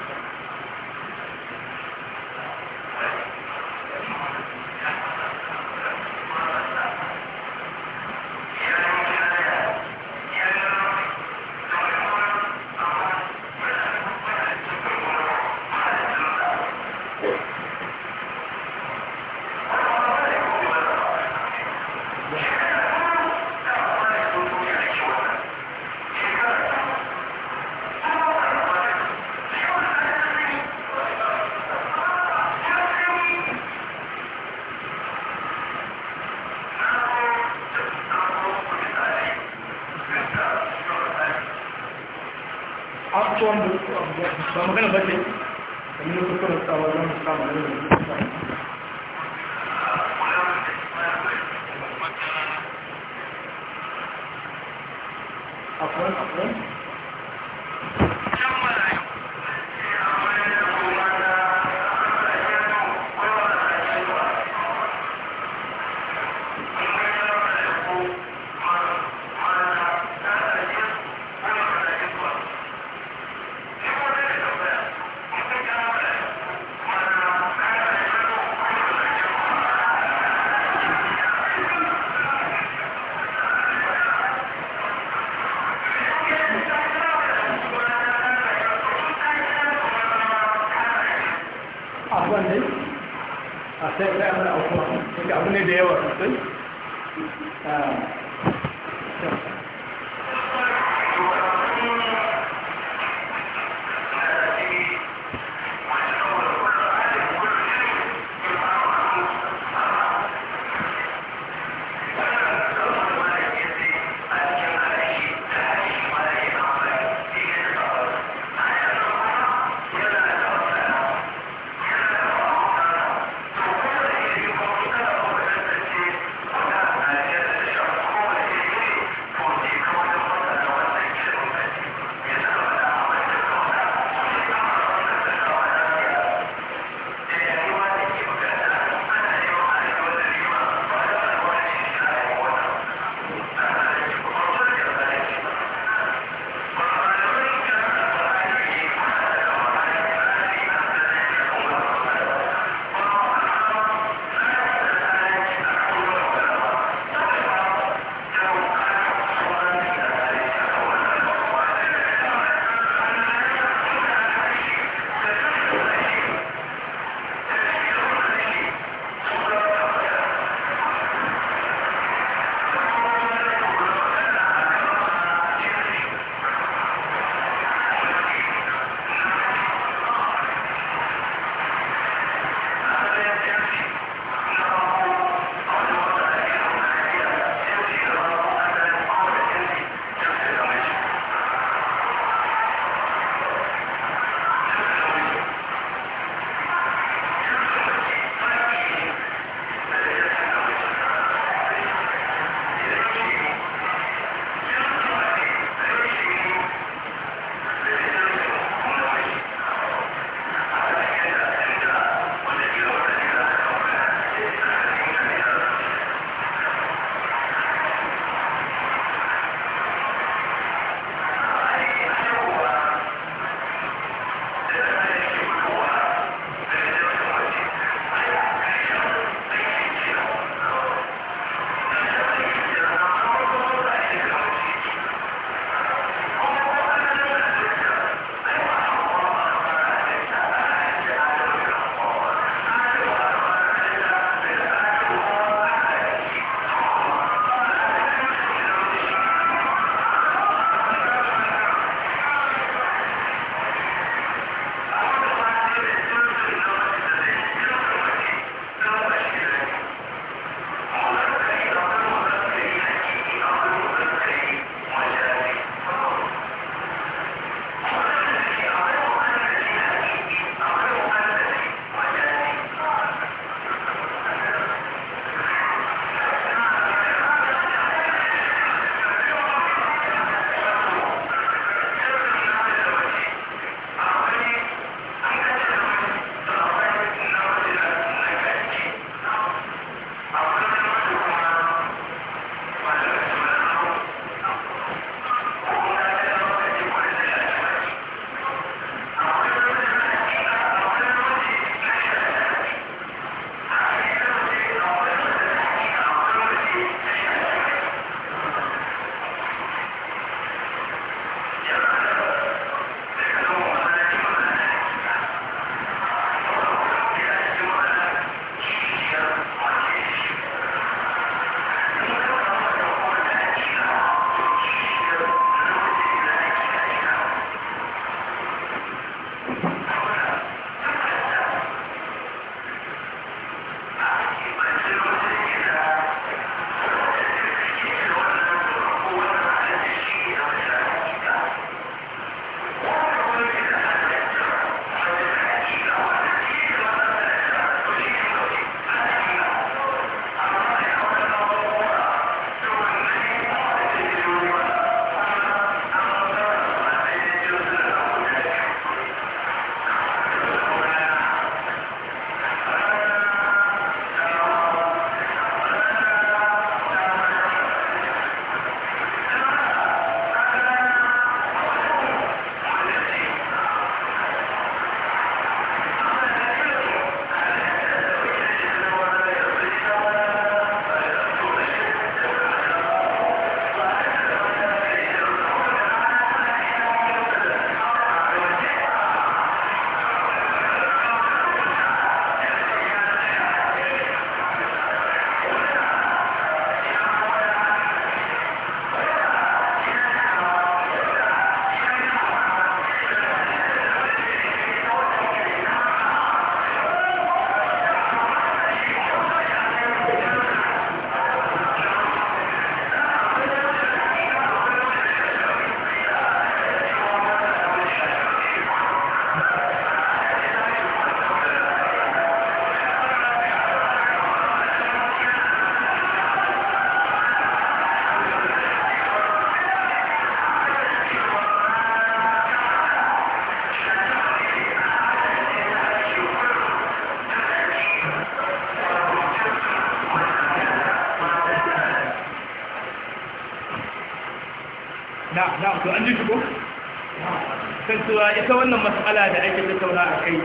Speaker 1: ita wannan matsala da ake tattauna a kai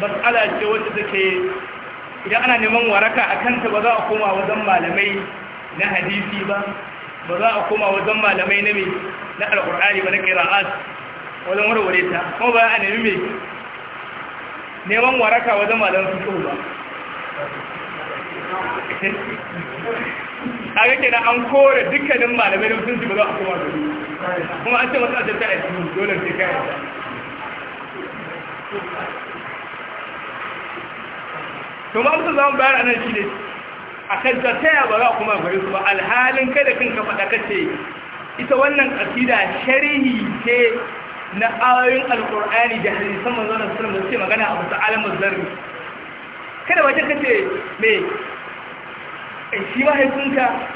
Speaker 1: matsala ce wacce take idan ana neman waraka a kanta ba za a koma wajen malamai na hadisi ba ba za a koma wajen malamai na mai na alkur'ani ba na kira'at wajen warware ta kuma ba a nemi mai neman waraka wajen malamai fito ba a yake na an kore dukkanin malamai na ji ba za a koma da kuma an ce masu asirta a cikin dole ce kai to ma mutum zama bayar a nan shi ne a kan ta taya ba za kuma gari su ba alhalin kai da kanka faɗa kace ita wannan ƙasida sharihi ce na ayoyin alƙur'ani da hadisan manzo na sunan da suke magana a wasu alamar zarri kada wajen kace me eh, shi mahaifinka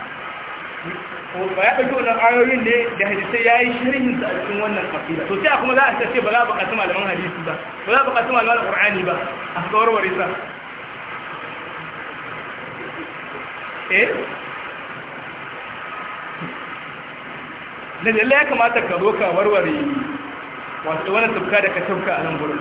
Speaker 1: ba ya ɗauki wannan ayoyin ne da hadisi ya yi shirin sa a cikin wannan aƙida to sai a kuma za a sace ba za a buƙaci malaman hadisi ba ba za a buƙaci malaman alƙur'ani ba a tsawar sa eh da ya kamata ka zo ka warware wato wani tafka da ka tafka a nan gurin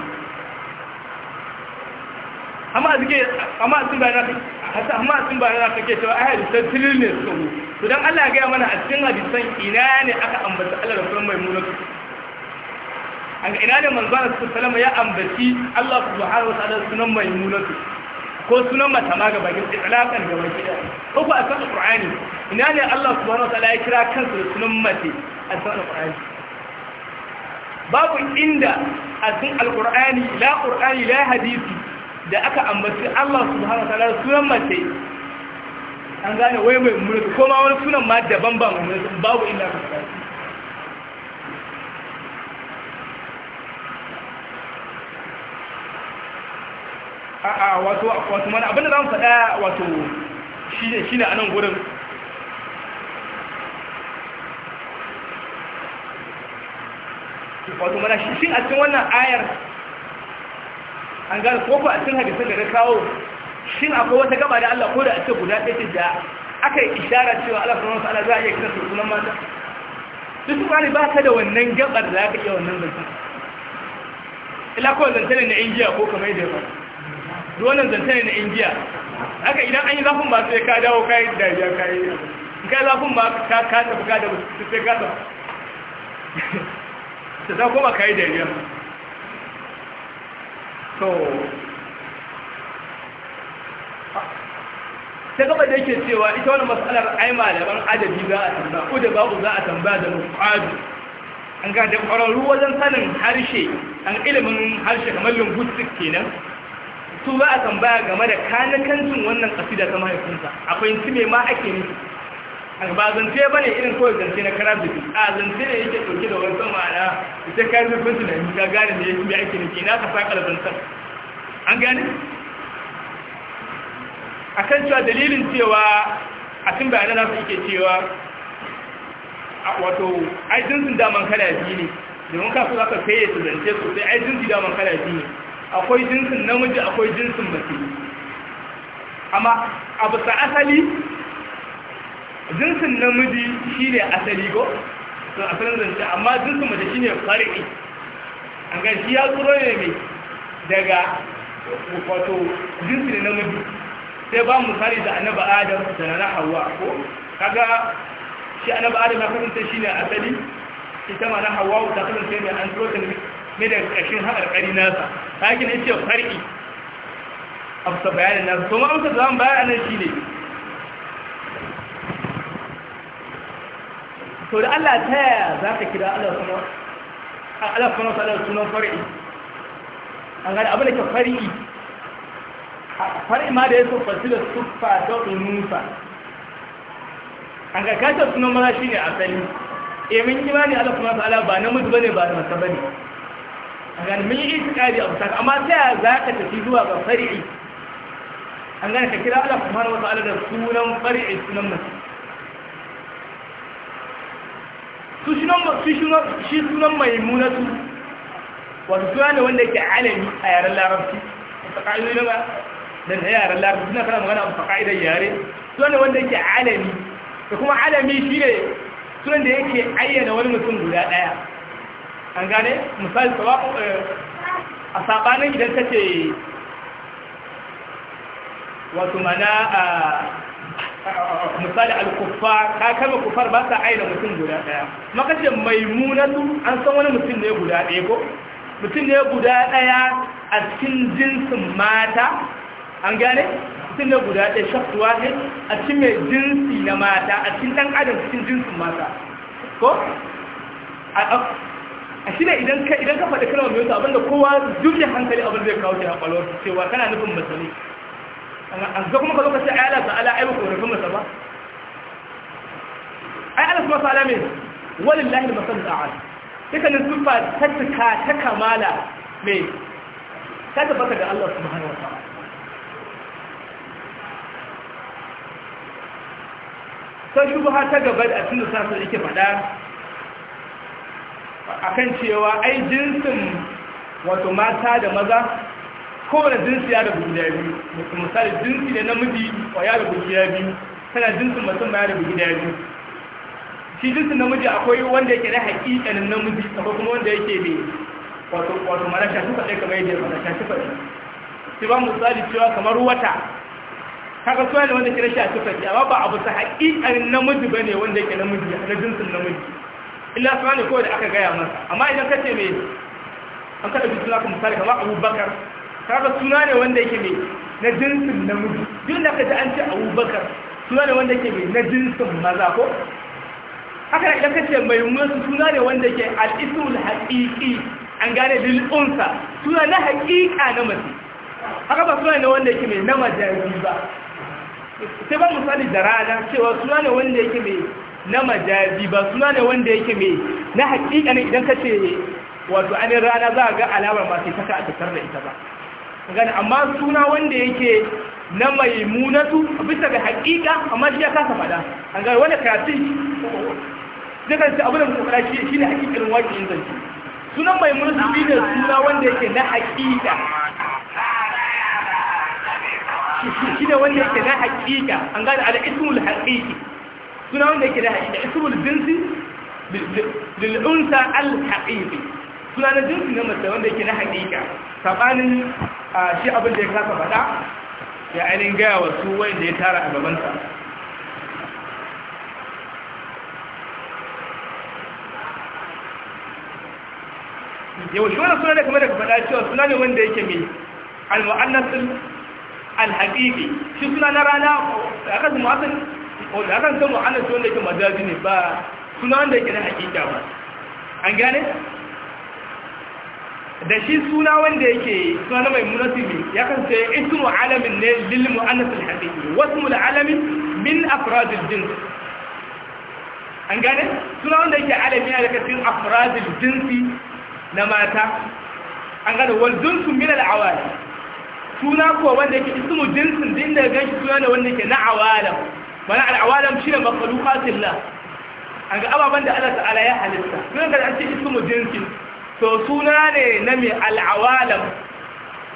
Speaker 1: amma suke amma sun bayan haka hasa amma sun bayan haka ke
Speaker 2: cewa ai hadisan
Speaker 1: tilil ne suka mu to don Allah ya ga mana a cikin hadisan ina ne aka ambata Allah da kuma maimunan an ina ne manzo Allah sallallahu ya ambaci Allah su subhanahu wasu ta'ala sunan mai maimunan ko sunan mata ma gaba ki itlaqan gaba ki ko ba a san Qur'ani ina ne Allah subhanahu wa ta'ala ya kira kansa da sunan mace a san Qur'ani babu inda a cikin alqur'ani la qur'ani la hadisi da aka ambaci Allah subhanahu wataala sunan mace an gane wai mai mulki ko ma wani sunan ma daban ba mai mulki babu illa ka a'a wato wato mana abinda zan faɗa wato shine shine anan gurin wato mana shi a cikin wannan ayar an gane ko ba a cikin hadisun da ka kawo shin akwai wata gaba da Allah ko da a ce guda ɗaya ce da aka yi ishara cewa Allah sun wasu ala za a iya kira su sunan mata duk su bani ba ka da wannan gabar da aka iya wannan zancen ila ko zancen ne na injiya ko kamar yadda ba duk wannan zancen ne na injiya haka idan an yi zafin ba sai ka dawo kayan da ya kayi in kai zafin ba ka ka tafi ka da sai ka tafi [laughs] ta koma kai da ya so ta gaba da yake cewa ita wani matsalar ai malaman adabi za a tambaya ko da babu za a tambaya da mafi an ga da ƙwararru wajen sanin harshe an ilimin harshe kamar linguistic kenan su za a tambaya game da kanakancin wannan kasida ta mahaifinsa akwai su me ma ake nufi ba zance ba ne irin kawai zance na kara zufi a zance ne yake ɗauke da wani sama na ita kara zufin su da yi ta gane da yake ake nufi na ka faƙar zancen an gane a kan cewa dalilin cewa a cin bayanan su ike cewa wato ai da daman kala biyu ne domin kafin za ka faye su zance sosai ai da daman kala biyu ne akwai jinsin namiji akwai jinsin mace amma abu ta asali jinsin namiji shi ne asali ko a asalin zance amma jinsin mace shi ne fari'i a gan ya tsoro ne mai daga wato jinsin namiji sai ba mu misali da annaba adam da na hawa ko kaga shi annaba adam ya kasance shi ne asali ita ma na hawa ta kasance mai an tsoro ne daga ƙashin haƙarƙari nasa ta yake ya ce fari'i a bayanin nasa to ma'amsa zan bayanin shi ne to da Allah ta yaya za ka kira Allah kuma da sunan fari'i an gani abin da ke fari'i fari'i ma da ya so fasi da ta unusa an ga kashe sunan maza shi ne eh, mun emin imani Allah kuma ta'ala ba namiji bane ba da masa bane an gani mun yi itikadi a ta amma ta yaya za ka tafi zuwa ga fari'i an gani ka kira Allah kuma ta'ala da sunan fari'i sunan mace shi sunan su wasu suna ne wanda yake alami a yaren larabci a ƙa'idodin ba da ta yaren larabci suna kana magana a ƙa'idar yare suna ne wanda yake alami da kuma alami shi ne sunan da yake ayyana wani mutum guda ɗaya an gane misali eh, a sabanin idan ta ce wasu mana a ah, misali al-kuffar ka kalma kuffar ba sa aina mutum guda daya maka ce maimunatu an san wani mutum ne guda daya ko mutum ne guda daya a cikin jinsin mata an gane mutum ne guda daya shakhs wahid a cikin mai jinsi na mata a cikin dan adam cikin jinsin mata ko a shi ne idan ka faɗi kalmar mai wasu abinda kowa duk da hankali abin zai kawo shi a cewa kana nufin masani. a ga kuma ka lokaci a yala ta ala aibu korafin masa ba ai ala kuma sala mai walin lahir masal da'ad dukkanin sufa ta cika ta kamala mai ta tabbata ga Allah su subhanahu wa ta'ala sai shubha ta gaba da cikin sasa yake fada kan cewa ai jinsin wato mata da maza kowane jinsi ya da gida biyu misali jinsi da namiji wa ya da gida biyu tana jinsin mutum ma ya da gida biyu shi jinsin namiji akwai wanda yake da haƙiƙanin namiji akwai kuma wanda yake ne wato wato sha shafi faɗe kamar yadda sha shafi faɗe sai ba misali cewa kamar wata kaga suna ne wanda ke da shafi faɗe amma ba abu ta haƙiƙanin namiji ba ne wanda yake namiji na jinsin namiji illa suna ne kawai da aka gaya masa amma idan ka ce mai an kaɗa bisu ka misali kamar abubakar kaga suna ne wanda yake mai na jinsin namiji duk da kaji an ce abubakar suna ne wanda yake mai na jinsin maza ko haka da idan ce mai musu suna ne wanda yake al'isul haƙiƙi an gane lil'unsa suna na haƙiƙa na mace haka ba suna ne wanda yake mai na majazi ba sai ba misali da rana cewa suna ne wanda yake mai na majazi ba suna ne wanda yake mai na haƙiƙa ne idan ce, wato anin rana za a ga alamar masu ka a tattar da ita ba gani amma suna wanda yake na maimunatu bisa ga hakika, amma shi ya kasa fada an gani wanda karatun zai kan ce abin da kuma shi ne haƙiƙirin waƙin zance sunan maimunatu shi ne suna wanda yake na hakika. shi ne wanda yake na hakika, an gani ala ismul haƙiƙi suna wanda yake na hakika, ismul jinsi lil'unsa al-haƙiƙi suna na jinsi na mace wanda yake na haƙiƙa saɓanin shi abin da ya kasa faɗa ya ainihin gaya wa su da ya tara a gabanta
Speaker 3: yau shi wani suna da kamar da ka faɗa cewa suna ne wanda yake
Speaker 1: mai al-mu'annasul al shi suna na rana akan mu'annas wanda akan san mu'annas wanda yake majazi ne ba suna wanda yake na haƙiƙa ba an gane da shi suna wanda yake suna mai munasibi ya kan sai ismu alamin ne lil mu'annas al haqiqi wasmu al alamin min afrad al jins an gane suna wanda yake alami ne daga cikin afrad al jinsi na mata an gane wal jins min al awal suna ko wanda yake ismu jinsin din da gashi suna ne wanda yake na awalam mana al awalam ne makhluqatillah an ga ababan da Allah ta'ala ya halitta suna ga an ce ismu jins to suna ne na mai al'awalam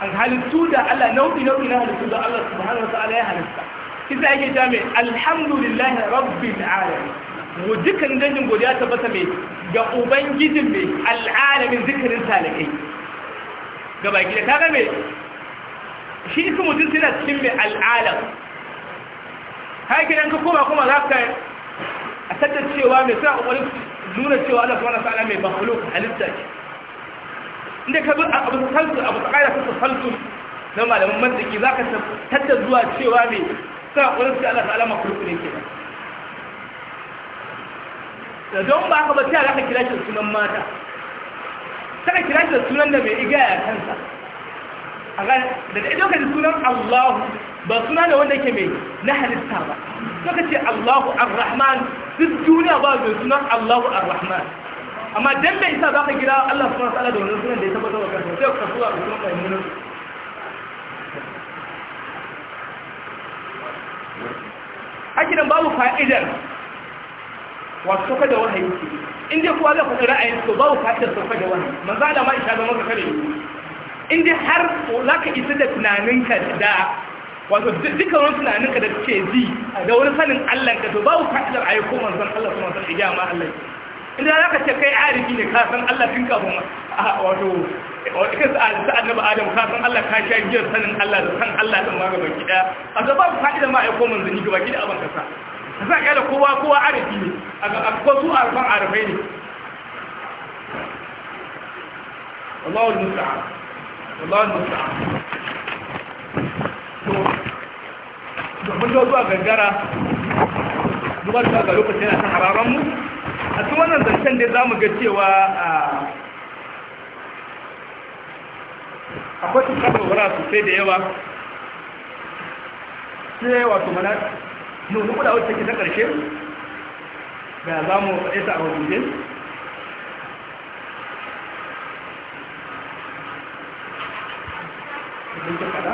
Speaker 1: an halittu da Allah nau'i nau'i na halittu da Allah subhanahu wa ta'ala ya halitta kisa yake ta mai alhamdulillahi rabbil alamin mu dukan dangin godiya tabbata mai ga ubangijin mai al'alamin zikirin talakai ga baki da kaga mai shi su mutum suna cikin mai al'alam haƙinan ka koma kuma za ka a tattar cewa mai suna ƙwarin nuna cewa Allah subhanahu wa ta'ala mai bakulu halitta ce inda ka bin abu salsu abu tsakaida su salsu na malaman mantiki za ka tattar zuwa cewa ne sa wani su Allah ta'ala makurku ne ke da don ba ka ba ta za ka kira shi sunan mata saka kira shi sunan da mai igaya kansa a gani da da ido ka sunan Allahu ba suna da wanda ke mai na halitta ba suka ce Allahu Ar-Rahman duk duniya ba mai sunan Allahu Ar-Rahman amma dan da isa za ka gida Allah subhanahu wa ta'ala da wannan sunan da ya tabbatar wa kansa sai ka tura kuma kai mun hakinan babu fa'idar wasu soka da wahayi ce in dai kuwa zai faɗi ra'ayin su babu fa'idar soka da wahayi manzo da ma isha zama ka kare in dai har za ka isa da tunaninka da wato dukkan wani tunaninka da kake ji da wani sanin Allah ka to babu fa'idar ayyukan manzon Allah subhanahu wa ta'ala ya ma Allah idan aka ce kai arifi ne ka san Allah tun kafin wato wata kan sa'adisa annabi adam ka san Allah ka sha biyar sanin Allah da san Allah ɗin ma gaba gida a gaba ku fa'ida ma aiko manzanni gaba gida abin kasa ka sa
Speaker 2: kyala kowa kowa arifi ne a ko su arfan arifai ne Allahu Musa'a, Allahu musta'an to domin zuwa gangara
Speaker 1: duba da ga lokacin yana ta hararan mu a cikin wannan zancen da za mu ga cewa
Speaker 2: akwai cutar dogara sosai da yawa sai wato mana nuna kuda wacce ke ta ƙarshe
Speaker 1: da za mu faɗe ta a wajen Thank you.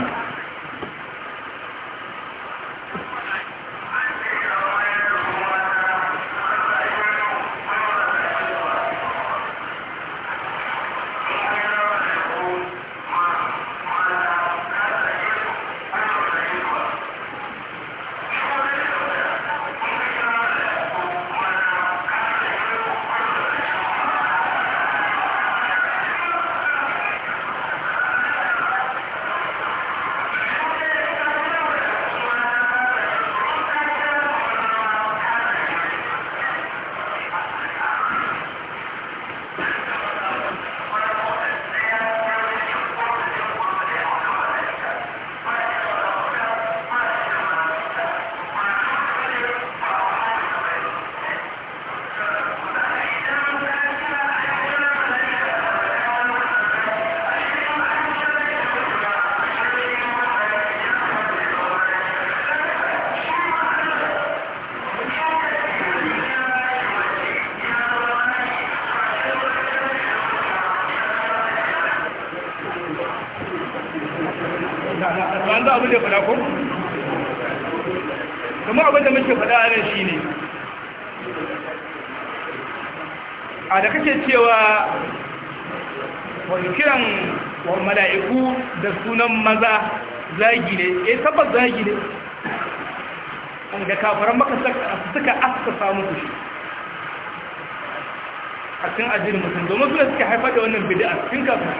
Speaker 1: addinin mutum domin suna suke haifar da wannan bid'a cikin kafa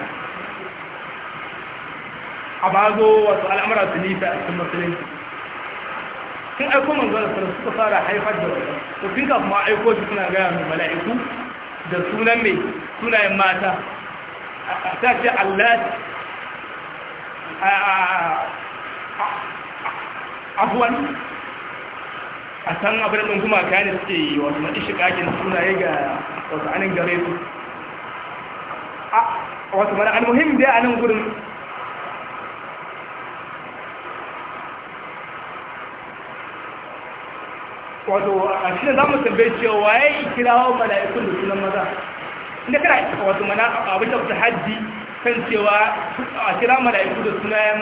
Speaker 1: a bazo wasu al'amura su nisa a cikin musulunci sun aiko manzo da sallallahu suka fara haifar da wasu. to cikin kafin ma aiko shi suna gaya mai mala'iku da sunan mai sunayen mata a ta ce Allah huwan a san abin da kuma kayan suke yi wasu maɗi suna sunaye ga wasu anan gare su a wasu mana almuhim da a nan gurin wato a shi da za mu tambaye cewa kira kirawo mala'ikun da sunan maza inda a wasu mana abin da wasu hajji kan cewa a kira mala'iku da sunayen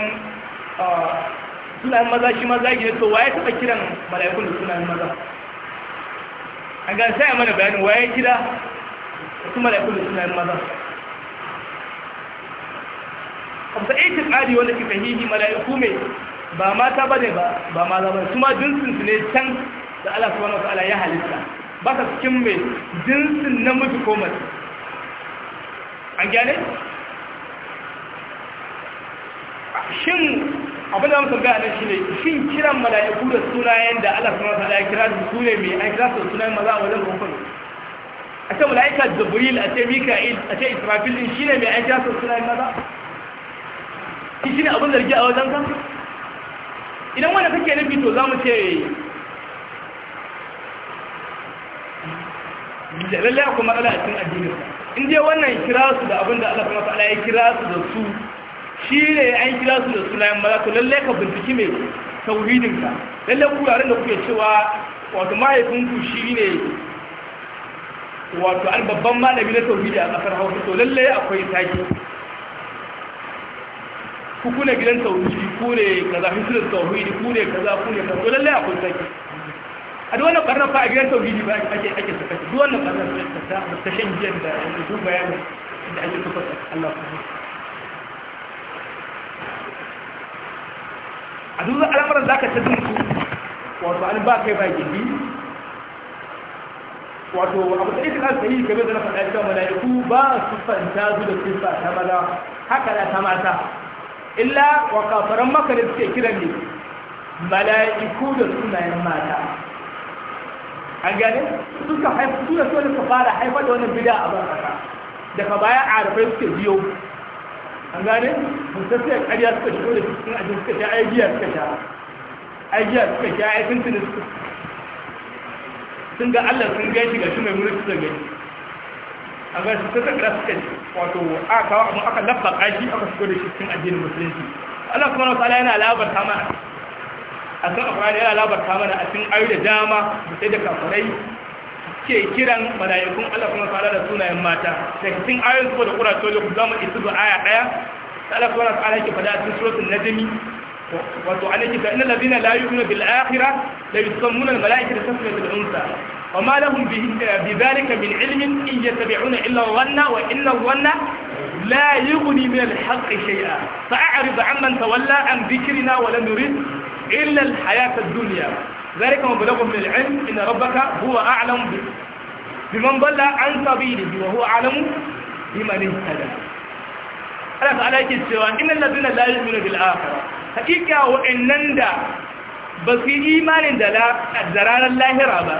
Speaker 1: sunayen maza shi maza gina to waye taba kiran mala'ikun da sunayen maza a ga sai mana bayanin waye gida su mala'ikun da suna yin maza kamsa aikin ari wanda ke sahihi mala'iku mai ba mata ba ne ba maza ba su ma jinsinsu ne can da Allah subhanahu wa ta'ala ya halitta ba ta cikin mai jinsin namiji ko mace an gane shin abin da muka ga nan shine shin kiran mala'iku da sunayen da Allah subhanahu wa ya kira su sune mai an kira su sunayen maza a wajen rukun a ce mala'ika jibril a ce mika'il a ce israfil din shine mai an kira su sunayen maza shi shine abin zargi a wajen kan idan wanda kake nufi to mu ce lallai akwai matsala a cikin addinin in je wannan kira su da abin da Allah subhanahu wa ya kira su da su shi ne an kira su da sunayen maza to lalle ka binciki mai tauhidin ka lalle ku yare da kuke cewa wato mahaifinku shi ne wato an babban malami na tauhidi a kasar hausa to lalle akwai taki ku kuna gidan tauhidi ku ne kaza sunan tauhidi ku ne kaza ku ne kaza to lalle akwai taki a duk wannan ƙarnar fa a gidan tauhidi ba ake ake saka duk wannan ƙarnar ta shan jiyar da ya yanzu bayanin da ake saka Allah ku a duk al'amuran za ka ta zai wato an ba kai ba gindi wato abu da ita kansa yi game da na faɗa cewa mala'iku ba su fanta zu da sifa ta maza haka da ta mata illa wa kafaran maka da suke kiran ne mala'iku da sunayen mata an gane suka haifu su da suka fara haifar da wani bida a ban daga baya a arafai suke biyo an gane musassiyar ƙarya suka shigo da cikin ajin suka sha aigiya suka sha aigiya suka sha aikin su sun ga allah sun gaishe ga shi mai mulki sun shi. a ga suka sakara suka wato A kawo abin aka lafa kashi aka shigo da shi cikin ajin musulunci allah kuma wasu ala yana labarta mana a kan akwai yana labarta mana a cikin ayoyi da dama da sai da kafirai suke kiran mala'ikun Allah kuma fara da sunayen mata da cikin ayoyin su da Qur'an to ku zamu isu da aya daya Allah subhanahu wa yake fada a cikin na najm wato alayhi fa innal ladina la yu'minuna bil akhirah la yusammuna al mala'ikata da unsa wa ma lahum bi dhalika min ilmin in yattabi'una illa dhanna wa inna dhanna لا يغني من الحق شيئا فأعرض عمن تولى عن ذكرنا ولم يرد إلا الحياة duniya. ذلك مبلغ من العلم إن ربك هو أعلم به بمن ضل عن سبيله وهو أعلم بمن اهتدى Allah ta'ala yake cewa innal ladina la yu'minu bil akhirah hakika wa'annan da ba su imanin da ranar lahira ba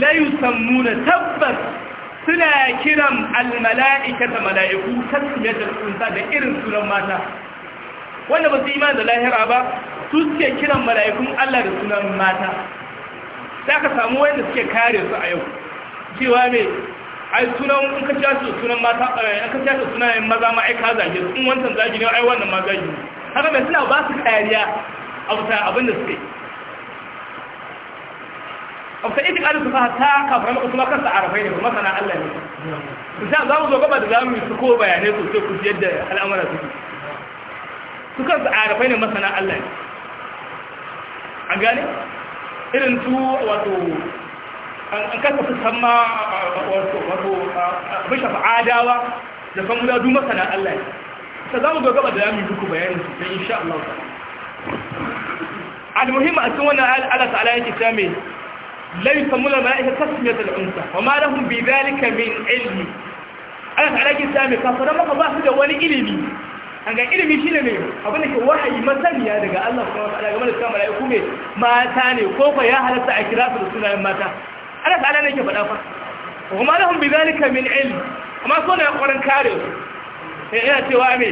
Speaker 1: la yusammuna tabbas suna kiran al mala'ikata mala'iku tasmiyatul unsa da irin sunan mata wanda basu su imanin da lahira ba su suke kiran mala'ikun Allah da sunan mata za ka samu wanda suke kare su a yau cewa mai ai sunan in ka tashi sunan mata eh, in ka tashi sunayen maza ma aika zage su in wancan zagi ne ai wannan ma zagi ne haka mai suna ba su kariya a bisa abin da suke a bisa ita ƙarfi fa ta kafin maka kuma kansa rafai ne kuma sana Allah ne za za mu zo gaba da zamu su ko bayanai sosai ku yadda al'amura suke su kansa rafai ne masana Allah ne an gane irin su wato an kasa su san ma wato bishop adawa da san guda duma sana Allah ne ta za mu ga gaba da ya mu duku bayanin su sai insha Allah ta'ala al-muhim a cikin wannan Allah ta'ala yake ta me la yusammuna malaika tasmiyat al-unsa wa ma lahum bi dhalika min ilmi Allah ta'ala yake ta me kafaran maka ba su da wani ilimi hanga ilimi shine ne abin da ke wahayi masaniya daga Allah subhanahu wataala game da samun mala'iku kuma mata ne ko fa ya halatta a kira su da sunayen mata Allah ta'ala ne ke faɗa fa kuma lahum bi zalika min ilm amma so ne ƙoƙarin kare su sai ina cewa me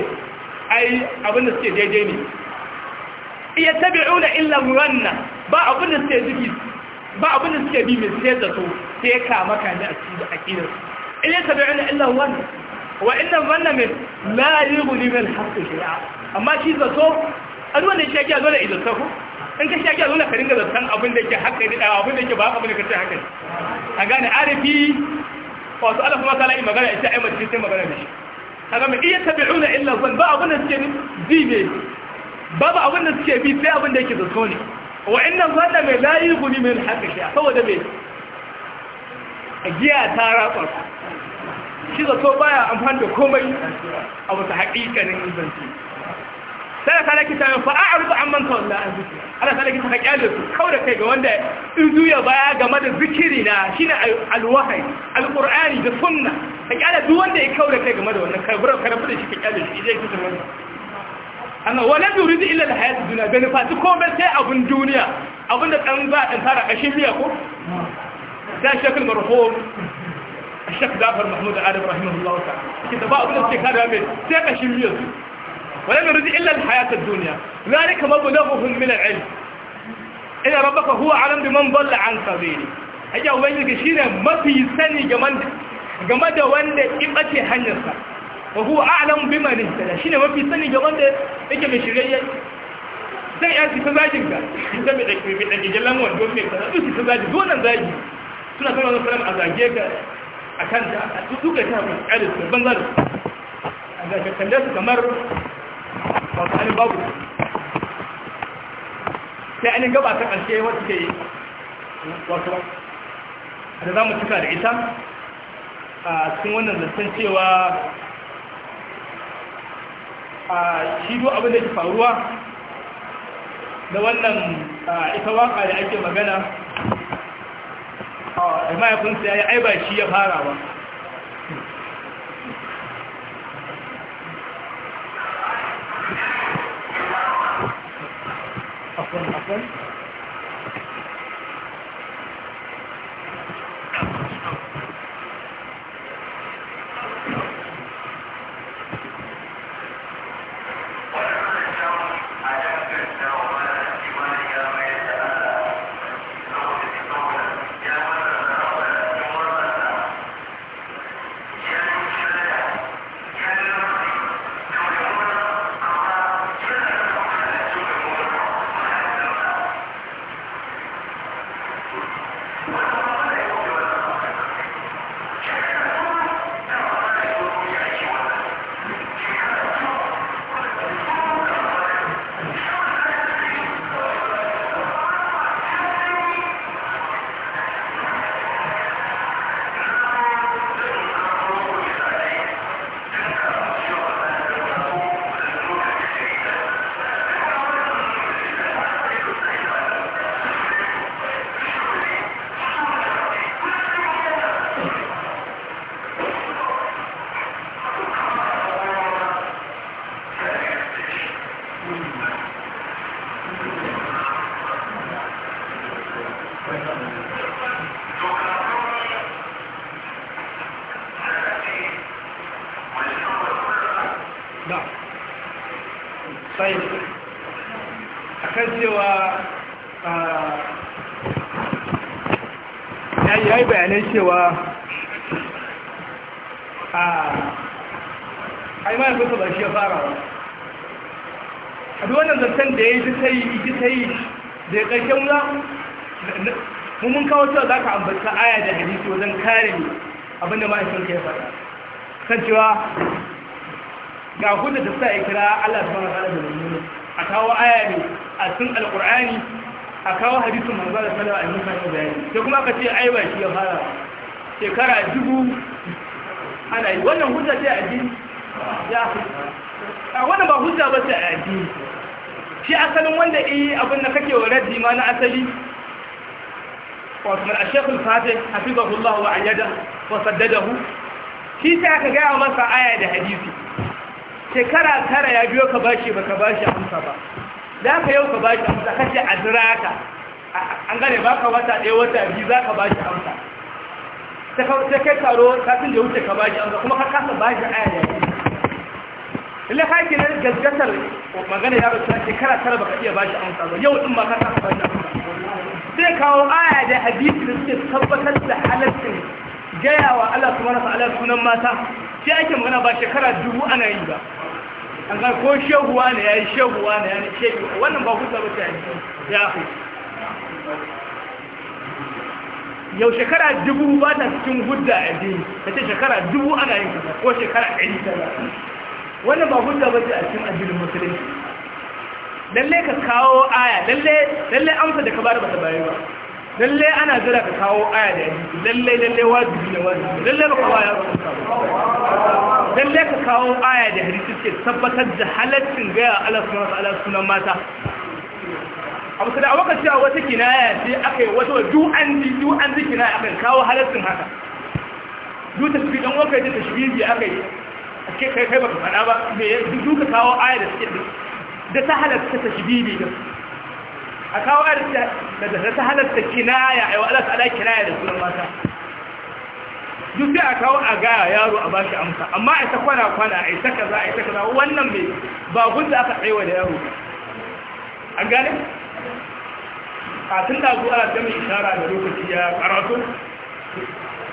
Speaker 1: ai abin da suke daidai ne iya tabi'una illa muranna ba abin da suke zubi ba abin da suke bi mai sai da su sai kama kan a akidar akidar iya tabi'una illa muranna wa inna zanna layi la yughni min shi ya amma shi zato an wanda shi yake zo da izarta ko in ka shi yake zo da ka dinga zartan abin da ke haka ne ah, abin da ke ba abin da kace haka ne a gane arifi wasu alafi masu ala'i yi magana ita ya mace sai magana da shi kaga mai iya tabi'una illa zan ba abin da suke bi ne ba abin da suke bi sai abin da yake zato ne wa inda zanna mai guri mai haka shi a saboda mai giya ta ratsa shi zato baya amfani da komai a wata haƙiƙanin zance sai ka laki ta fa a arzu an manta wanda an zikiri Allah ta laki ta da su da kai ga wanda in zuya baya game da zikiri na shine alwahai alƙur'ani da sunna ka da duk wanda ya da kai game da wannan karbura karbu da shi ka da shi idan kike wannan ana wala yuridu illa alhayat dunya benefa komai sai abun duniya abunda da dan za a tsara kashin miya ko da shekul marhum الشيخ دافر محمود عارف رحمه الله تعالى كنت بقول لك هذا من سيقى شميز ولم يرزق إلا الحياة الدنيا ذلك ما مبلغه من العلم إن ربك هو علم بمن ضل عن سبيلي أجا وين قشينا نعم. ما في سنة جمان جمان وين إبتي حنسا وهو أعلم بما نهتنا شينا نعم. ما في سنة جمان إجا مشغية سيئة تزاجك ذا إنتبع في بيت أجي جلمون جوزنك تزاجك دونا زاجك سنة الله عليه وسلم أزاجيك a kan duka ta hakan ƙarin da banzar a zaka kalle su kamar ba su ainihin babu sai ainihin gaba ta ƙarshe wata ke wasu A da za mu cika da ita a cikin wannan zancen cewa a shi duk abin da ke faruwa da wannan ita waka da ake magana da mahaifinsa ya yi aiba shi ya fara ba
Speaker 3: akwai akwai
Speaker 1: cewa a aimanin kusa ba shi ya fara ba a duk wannan zartan da ya yi ta yi ji ta yi da ya ƙarshe mula mummun kawo cewa za ka ambata aya da hadisi wajen kare ne abinda ma'aikin ka ya fara. kan cewa ga hujja da ta ya kira Allah su wa da mummuni a kawo aya ne a cikin Alƙur'ani a kawo hadisun manzo da a yi mutane bayani sai kuma aka ce ai ba shi ya fara shekara dubu ana yi wannan hujja ce a jini ya a wannan ba hujja ba ce a jini shi asalin wanda yi abin da kake wa raddi ma na asali wasu mana a shekul fatih hafizahullah wa ayyada wa saddadahu shi sai aka gaya masa aya da hadisi shekara tara ya biyo ka bashi ba ka bashi amsa ba za ka yau ka bashi amsa kace a jira ka an gane ba ka wata ɗaya wata biyu za ka bashi amsa ta kawo ta kai taro kafin da wuce ka baji an kuma ka kasa baji aya ne illa ka ke nan gaggatar magana ya rasu ce kara tara baka iya baji an ba yau din ba ka kasa baji an sai kawo aya da hadisi da suke tabbatar da halaccin gaya wa Allah subhanahu wa ta'ala sunan mata sai ake magana ba shekara dubu ana yi ba an ga ko shehuwa ne yayi shehuwa ne yayi shehu wannan ba kusa ba ta yi ya yau shekara dubu ba ta cikin hudda a addini ka ce shekara dubu ana yin kasa ko shekara ɗari kaza wannan ba hudda ba ce a cikin addinin musulunci lalle ka kawo aya lalle lalle amsa da ka bada bata bayi ba lalle ana jira ka kawo aya da yanzu lalle lalle wajibi ne wajibi lalle ba kawo aya
Speaker 3: ba
Speaker 1: lalle ka kawo aya da hadisi ce tabbatar da halaccin gaya Allah subhanahu wa ta'ala sunan mata abu kada awaka cewa wata kinaya ce aka yi wata du'an ji du'an ji kinaya akan kawo halarcin haka duk ta shi dan waka ta tashbihi aka yi ake kai kai baka fada ba me duka kawo aya da suke da ta halarta tashbihi da a kawo aya da da ta halarta kinaya ai wala ta ala kinaya da sunan mata duk sai a kawo a gaya yaro a bashi amsa amma a ta kwana kwana a ta kaza a ta kaza wannan mai ba gunta aka tsaiwa da yaro an gane kafin da zuwa ta mai ishara da lokaci ya karatu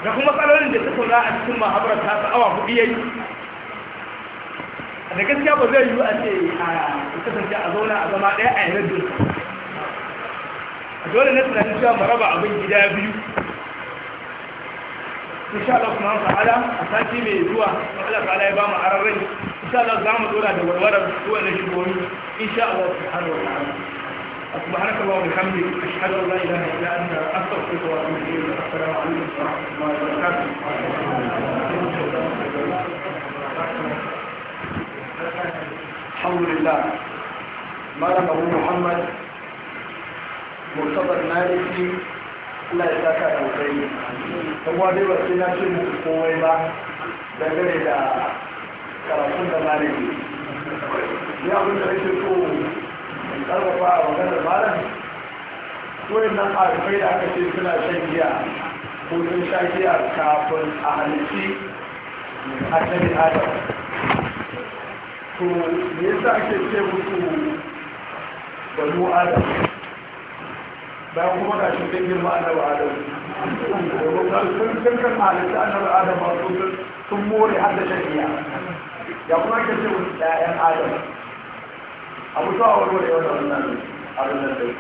Speaker 1: da kuma tsarorin da suka za a cikin mahabar ta ta awa hudu yayi da gaskiya ba zai yiwu a ce a kasance a zauna a zama ɗaya a yanar dinsa a dole na tunanin cewa mu raba abin gida biyu sha Allah kuma an ala a sati mai zuwa Allah ala ya ba mu ararrai sha Allah za mu dora da warwarar kowane in sha Allah subhanahu
Speaker 2: wa ta'ala سبحانك الله وبحمدك أشهد أن لا إله إلا أنت أستغفرك وأتوب إليك السلام عليكم ورحمة الله وبركاته الحمد لله مالا أبو محمد مرتضى المالكي لا ya saka da wuri kuma dai ba sai na ce muku komai ba dangane da karatun in karfafa a maganar malam wurin nan arifai da aka ce suna shan giya ko sun sha giya kafin a halitti annabi adam to me yasa ake ce musu banu adam bayan kuma ga shi sun girma annabi adam domin sun kan halitta annabi adam sun more har da shan giya ya kuma ake ce musu 'ya'yan adam abu zuwa warware wata wannan abin nan dai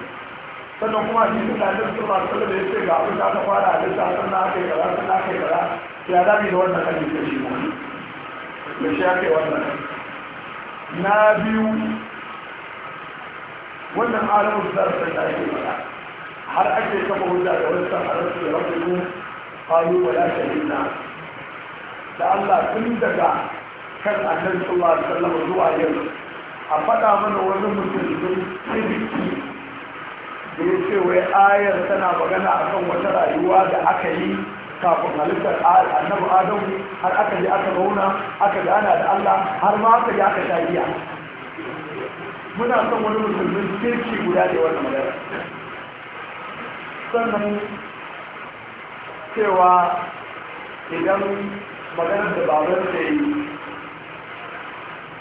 Speaker 2: sannan kuma shi sun na jirgin ba su da ya ce ga abin da aka fara a lissa sun na kai gara kaza sun na kai gara. kaza ya dami da wannan kan yake shi ma ya shi aka wannan na biyu wannan alamun da su da ake faɗa har ake kafa hujja da wani san arasu da rabu ku kalu wa ya na da Allah tun daga kan annabi sallallahu alaihi wasallam zuwa yau a faɗa mana wani mutum ciki da ya ce wai ayar tana magana a kan wata rayuwa da aka yi kafin halittar annabu adamu har aka ji aka zauna aka gana da allah har ma aka ji aka shariya muna son wani musulmin kirki guda da wata magana sannan cewa idan maganar da babar da yi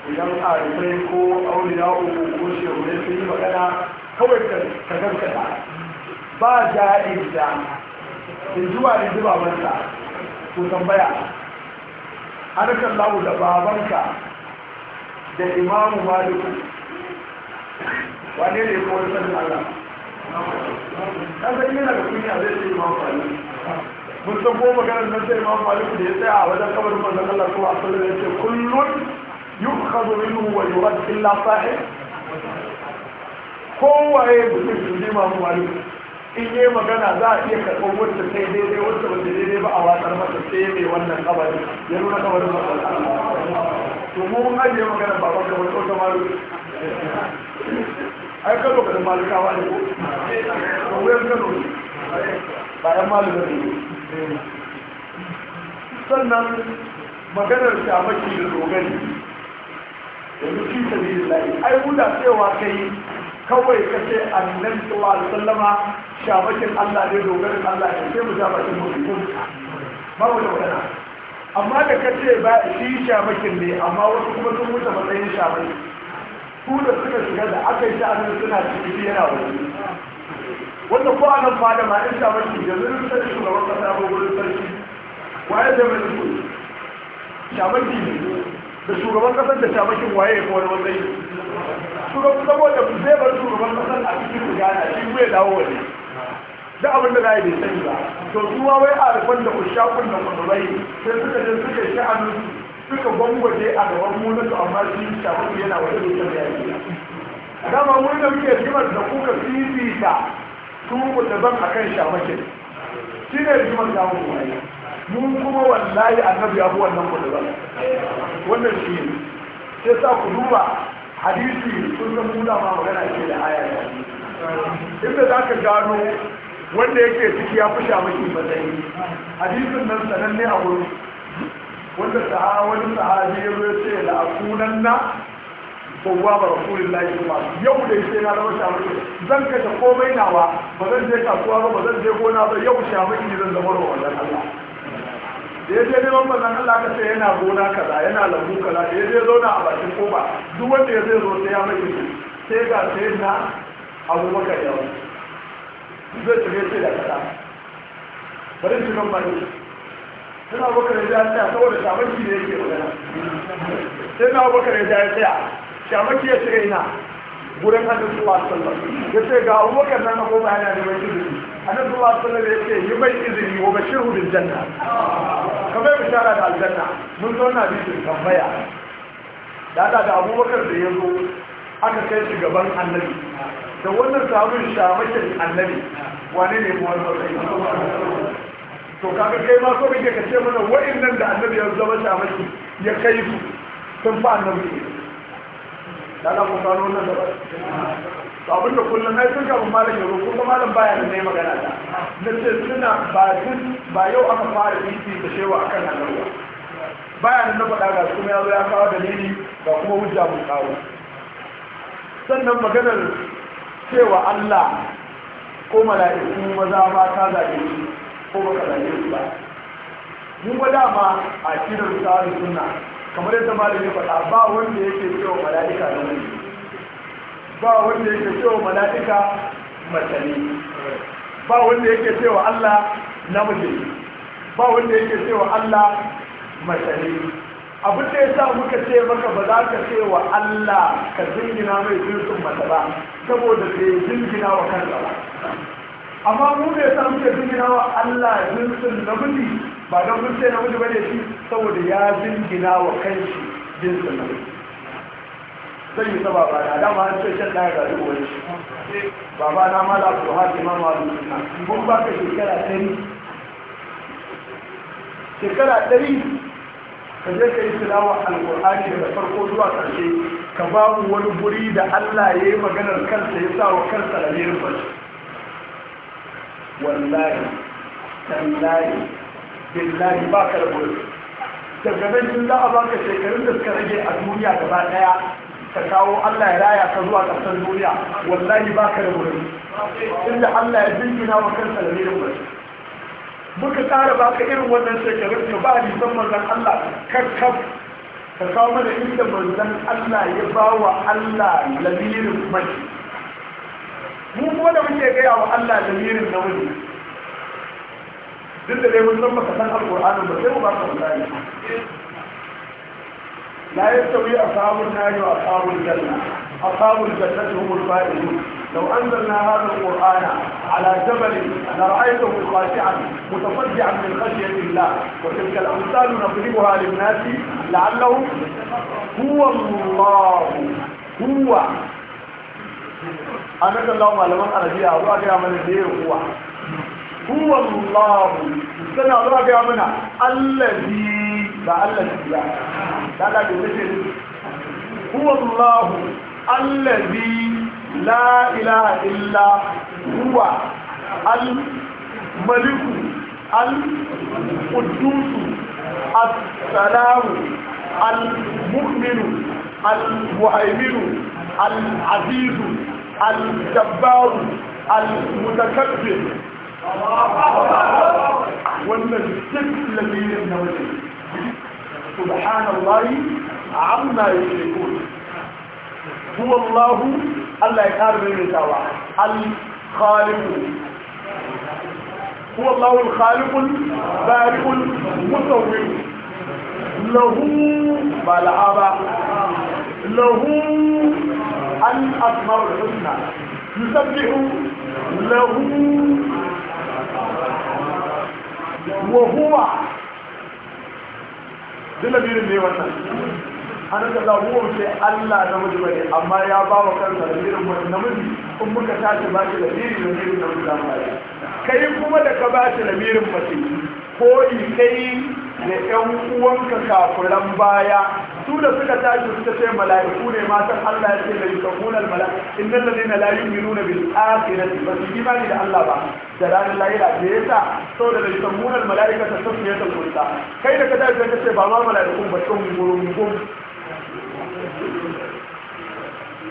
Speaker 2: idan a rufai ko auri auliya uku ko shehune su yi magana kawai ka gaskata ba ja'in da in zuwa da zuba banta ko tambaya kan lamu da babanka da imamu maliku wane ne kowar sanin allah kasan yana da kunya zai ce imamu maliku mun san ko maganar nan sai imamu maliku da ya tsaya a wajen kamar manzan allah kuma a sallar ya ce kullum yukhadu minhu wa yurad illa sahih kowaye mutum su ji mamu in yi magana za a iya karɓar wacce sai daidai wacce ba daidai ba a watsar masa sai mai wannan kabarin ya nuna kabarin ba to mu mun ajiye magana ba ba kamar ko samaru ai kano kadan malikawa ne ko to wayar kano ne bayan malika ne sannan maganar shamaki da dogari yanzu fi sabilillahi ai mu da cewa kai kawai ka ce annabi sallallahu alaihi wasallama shabakin Allah ne dogarin Allah ne sai mu shabakin mutum ba mu da wadana amma da ka ce ba shi shabakin ne amma wasu kuma sun wuce matsayin shabakin su da suka shiga da aka yi sha'anin suna ciki yana wani wanda ko anan ma da ma in shabakin yanzu sun sarki shugaban kasa ko gurin sarki waye da mai shabakin ne da shugaban kasar da shamashin waye ya wani matsayi shugaban saboda ku zai bar shugaban kasar a cikin gudana shi zai dawo wani da abin da zai bai sani ba to kuma wai a rufan da ushakun da kwanarai sai suka je suka shi a nusu suka gwangwaje a gaban munin amma shi shamashin yana wani lokacin da ya yi dama mun da muke jimar da kuka fifita su da zan akan shamashin shi ne rigimar ta mu mun kuma wallahi annabi abu wannan ku ba. wannan shi ne sai sa ku duba hadisi sun san muna ma magana ke da aya inda za ka gano wanda yake ciki ya fusha maki matsayi hadisin nan sananne a wurin wanda sa'a wani sahabi ya zo ya ce la'akunan na kowa ba rasulullahi ba yau da yake na zama shamaki zan kai ta komai nawa ba zan je kasuwa ba ba zan je gona ba yau shafi yi zan zama da wannan Allah da ya je neman manzon Allah ka ce yana gona kaza yana lambu kaza da ya je zauna a bakin koba duk wanda ya zai zo sai ya mai sai ga sai na abubakar yau zai tafi sai da kaza bari su kan bari sai na abubakar ya tsaya saboda shamaki ne yake magana sai na abubakar ya tsaya shamaki ya shiga ina gurin hannun zuwa sallar ya ce ga abubakar nan akwai ba yana neman izini hannun zuwa sallar ya ce yi mai izini wa bashir hudun janna kamar bishara da aljanna mun zauna bitin tambaya da da abubakar da ya zo aka kai shi gaban annabi da wannan samun shamakin annabi wane ne kuma wani to kaga kai ma so kake ka ce mana wa'annan da annabi ya zama shamaki ya kai su sun fa annabi Yana ku gano wannan da to abin da kullum ai sun kafin malam yaro kuma malam baya da ne magana ta na ce suna ba ba yau aka fara biki da shewa akan halarwa baya da na faɗa ga kuma ya zo ya kawo dalili ga kuma hujja mun kawo sannan maganar cewa Allah ko mala'iku maza mata zaɓe shi ko baka zaɓe su ba mun ba dama a kiran sa'ar sunna kamar yadda malami faɗa ba wanda yake cewa mala'ika na wuri ba wanda yake cewa mala'ika mace ba wanda yake cewa Allah namiji ba wanda yake cewa Allah mace abin da ya sa muka ce maka ba za ka ce wa Allah ka jingina mai jirgin mata ba saboda bai jingina wa kansa ba amma mu ne sa muka jingina wa Allah jirgin namiji ba don mun ce namiji bane shi saboda ya jingina wa kanshi jinsin namiji sai yi saba ba da ma an ce shan ga duk wani baba na mala ko haƙi ma ma na mun ba ka shekara ɗari shekara ɗari ka je ka yi tilawa alƙur'ani da farko zuwa ƙarshe ka babu wani guri da Allah ya yi maganar kansa ya sa wa kansa da lirin wallahi tallahi billahi ba ka da gudu daga nan in za a ka shekarun da suka rage a duniya gaba daya ka kawo Allah ya raya ka zuwa ƙasar duniya wallahi ba ka da gudu inda Allah ya jingina wa kansa da mirin gudu muka tsara ka irin wannan shekarun ka ba nisan manzan Allah karkar ka kawo mana inda manzan Allah ya ba wa Allah lamirin mai mu kuma da muke gaya wa Allah lamirin na wani لا يستوي أصحاب النار وأصحاب الجنة أصحاب الجنة هم الفائزون لو أنزلنا هذا القرآن على جبل لرأيته خاشعا متصدعا من خشية الله وتلك الأمثال نضربها للناس لعله هو الله هو أنا الله معلمان أنا فيها أبو أجرى من هو هو الله سنة رابعة منها الذي لا الذي هو الله الذي لا إله إلا هو الملك القدوس السلام المؤمن المهيمن العزيز الجبار المتكبر ولا الذي يبنى وجهه سبحان الله عما يشركون هو الله الله يقارب الرسالة الخالق هو الله الخالق البارئ المصور له بالعبا له الأسماء الحسنى يسبح له wa huwa dalabirin ne wannan an da zabuwa ce Allah namiji bane amma ya ba wa kansa dalabirin wani namiji in muka tashi ba shi dalabirin dalabirin namiji za mu kai kuma da ka ba shi dalabirin mace ko yi kai da ƴan uwanka kafiran baya su da suka tashi suka ce mala'iku ne matan Allah ya ce da yukamuna mala'ika innal ladina la yu'minuna bil akhirati ba su imani da Allah ba da ranar lahira da sa saboda da yukamuna mala'ika ta ya ta kunta kai da ka tashi ka ce ba ma mala'iku ba tun gurin gum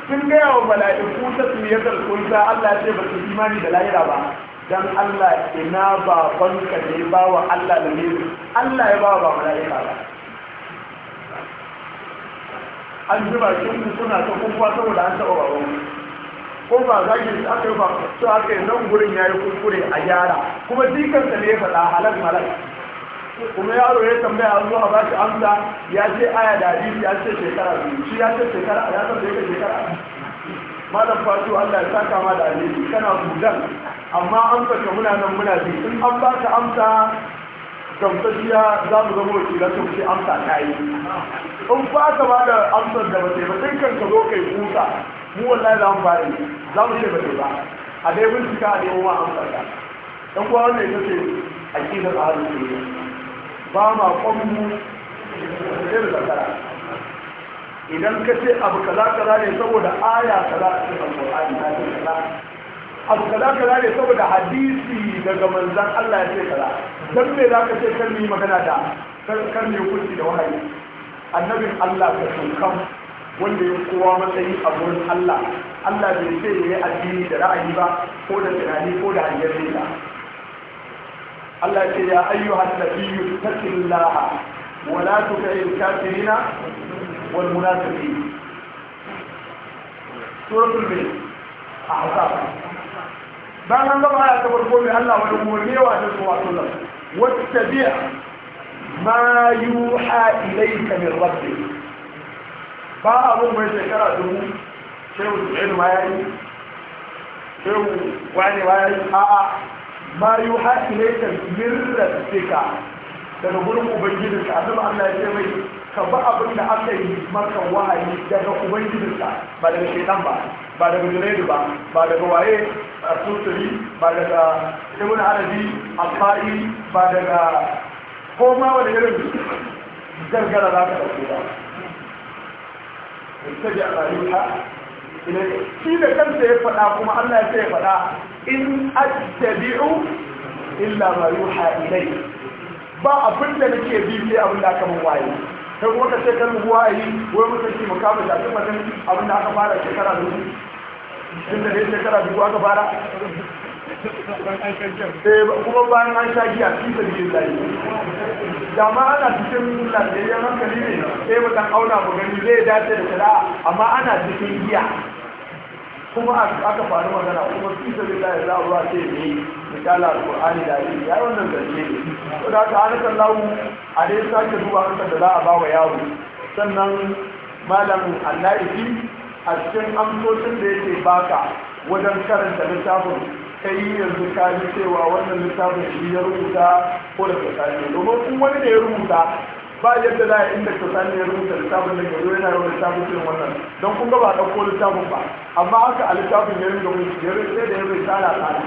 Speaker 2: sun gaya wa mala'iku ta ta kunta Allah ya ce ba su imani da lahira ba dan Allah ina babanka da ya ba wa Allah da ne Allah ya ba wa mala'ika ba an ji bakin mu suna ta kuma saboda an taɓa baban ko ba za ki aka yi ba to aka yi nan gurin ya yi kuskure a gyara kuma jikansa ne ya faɗa halak malak kuma yaro ya tambaya an ba shi amsa ya ce aya da hadisi ya ce shekara biyu shi ya ce shekara ya ce shekara malam fasu Allah ya saka ma da alheri kana budan amma amsa saka muna nan muna bi in an ba ka amsa gamsashiya za mu zama wakilan da ce amsa ta yi in ba ka ba da amsa da ba sai ba sai kan ka zo kai kusa mu wallahi za mu bari za mu ce ba sai ba a dai bincika a nemo ma amsar ka dan kuwa wannan ita ce aqidar ahlus sunna ba ma da sai da zakara idan ka ce abu kaza kaza ne saboda aya kaza a cikin alƙur'ani ta ce kaza abu kaza kaza ne saboda hadisi daga manzan Allah ya ce kaza dan me za ka ce kan magana da kan ne da wahayi annabin Allah ka tukan wanda ya kowa matsayi a wurin Allah Allah bai ce ya yi addini da ra'ayi ba ko da tunani ko da hanyar nila Allah ce ya ayyuhan nabiyyu taqillaha wa la tuti'il kafirina والمنافقين سورة البيت أحزاب بعد أن نضع آيات والقول لله والأمورية وأهل الصلاة والسلام واتبع ما يوحى إليك من ربك بقى أبو ما يشكرا دمو شيء وزعين ما يعني شيء وعني ما يعني ما يوحى إليك من ربك فنقول مبجدك أبو الله يشكرا ka bi abin da aka yi maka wahayi daga ubangijinka ba daga shaitan ba ba daga junaidu ba ba daga waye a sosiri ba daga ibn arabi alfa'i ba daga koma wani irin gargara za ka ɗauke ba ta a rayuwa shi da kansa ya faɗa kuma allah ya ya faɗa in ajabi'u illa ma yuha ilai ba abin da nake bi sai abin da aka mun waye sai kuma ka ce kan ruwa yi wai mutum ki mu da shafi mutum abin da aka fara shekara su tun da dai shekara da aka fara eh, kuma bayan an sha giya fi da ke zai da ma ana cikin lafiyayyen hankali ne sai mutum auna mu gani zai dace da shari'a amma ana cikin giya kuma aka faru magana kuma fi isa da ya za ruwa ce ne misali alƙur'ani da hadisi ya yi wannan zance ne to da haka hannun sallahu a dai sake duba da za a ba wa yaro sannan malam allahi a cikin amsoshin da yake baka wajen karanta littafin kai yanzu ka cewa wannan littafin shi ya rubuta ko da ka domin wani da ya rubuta ba yadda za a inda ka sani ya rubuta littafin da ke zo yana yawan littafin cikin wannan don kun ga ba ɗauko littafin ba amma haka a littafin ya ringa mun ya ringa da ya ringa tsara tsara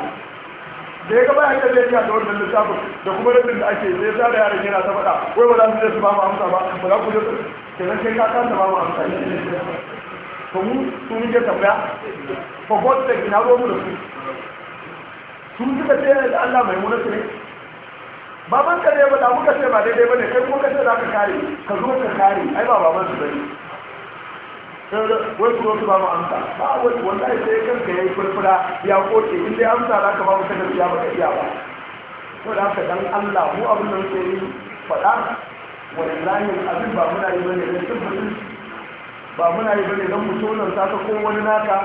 Speaker 2: da ya gaba ce zai iya da wannan littafin da kuma rabin da ake zai da yaran yana ta faɗa wai ba za su je su ba mu amsa ba ba za ku je su nan kai ka kanta ba mu amsa to mu sun je tambaya ko ko da kina zo mu da su sun suka ce da Allah mai ne baban ka ne da muka ce ba daidai bane kai kuma ka ce za ka kare ka zo ka kare ai ba baban su bane wai su su ba mu amsa ba wai wallahi sai kanka yayi furfura ya koke in dai amsa za ka ba mu ta gaskiya ba ka iya ba ko da haka dan Allah mu abin nan sai faɗa wallahi abin ba muna yi bane ne sun ba muna yi bane don mu tonan saka ko wani naka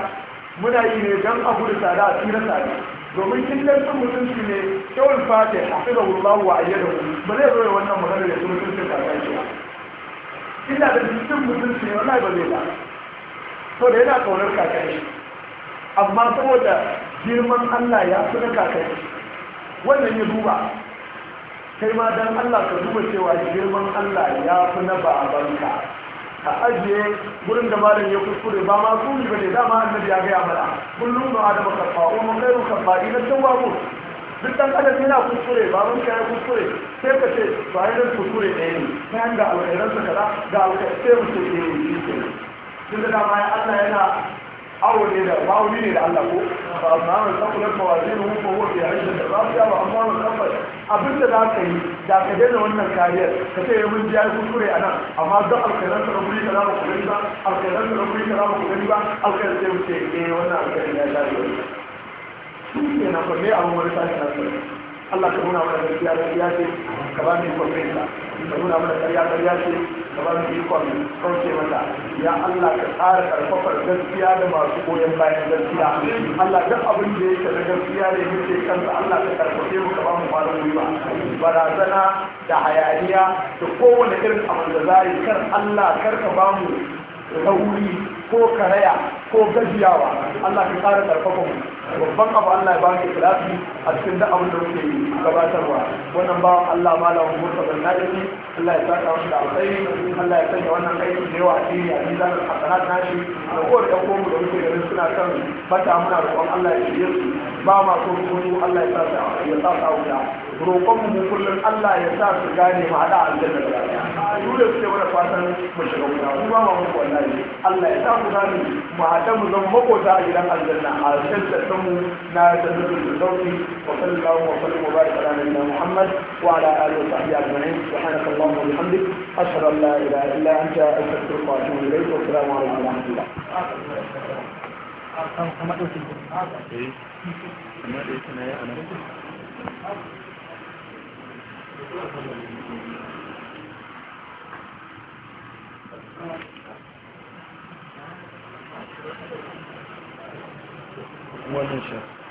Speaker 2: muna yi ne don abu da tsada a tsira tsada domin kin dan mutunci ne shawul fati hafizahu Allah wa ayyadahu ba zai zoye wannan maganar ya suna tuntun kakaki ba illa da cikin mutunci ne wallahi ba zai ba to da yana kaunar kakaki amma saboda girman Allah ya fi na wannan ya duba kai ma dan Allah ka duba cewa girman Allah ya fi na babanka a ajiye gurin da malam ya kuskure ba ma su ne bane dama annabi ya gaya mana kullum ba da makarfa wa mun kairu kafa ila tawabu duk ɗan adam kuskure baban ka ya kuskure sai ka ce ba ya nan kuskure ɗaya ne bayan ga alƙairansa kaza ga alƙairansa sai mu ce eh, ke yi ke tun da dama ya Allah yana awo ne da ma'auni ne da Allah ko ba a ma'amar sakular mawazin mu ko wani ya rashin da ba su yawa amma wani kamfan abin da za ka yi da ka daina wannan kariyar ka ce ya eh, mun ji ya kuskure a nan amma duk don alƙairansa na kuri kaza ba ku gani ba alƙairansa na kuri kaza ba ku gani ba alƙairansa sai mu ce eh wannan alƙairansa ya dace shi na nan ba abu wani sashi na sarki Allah ka nuna mana gaskiya gaskiya ce ka ba mu ikon fahimta ka nuna mana karya karya ce ka ba mu ikon kauce mata ya Allah ka tsara karfafar gaskiya da masu koyon bayan gaskiya Allah duk abin da yake na gaskiya ne muke kansa Allah ka karfafe mu ka ba mu fara gwiwa barazana da hayaniya da kowane irin abin da za kar Allah kar ka ba mu rauni ko karaya ko gajiyawa Allah ka ƙara ƙarfafa mu babban abu Allah ya ba mu ikhlasi a cikin duk abin da muke gabatarwa wannan bawan Allah ma malamin Musa bin Najib Allah ya saka mu da alkhairi Allah ya sanya wannan aiki da yawa a cikin ya ni zanar hasanat nashi da kowace ɗan komu da muke ganin suna kan bata muna roƙon Allah ya shirye su ba ma so mu Allah ya sa ya sa sa wuta roƙon mu kullum Allah ya sa su gane mu hada aljanna da duniya su ne mana fatan mu shiga wuta su ba ma mu wallahi Allah ya sa mu zamu mu haɗa mu zama makota a gidan aljanna a sassan mu na jannatul zawfi wa sallallahu wa sallam wa baraka ala nabiyyina muhammad wa ala alihi wa sahbihi ajma'in subhanaka allahumma wa bihamdik ashhadu an la ilaha illa anta astaghfiruka wa atubu ilayk wa assalamu alaikum wa rahmatullah Thank you. wannan shi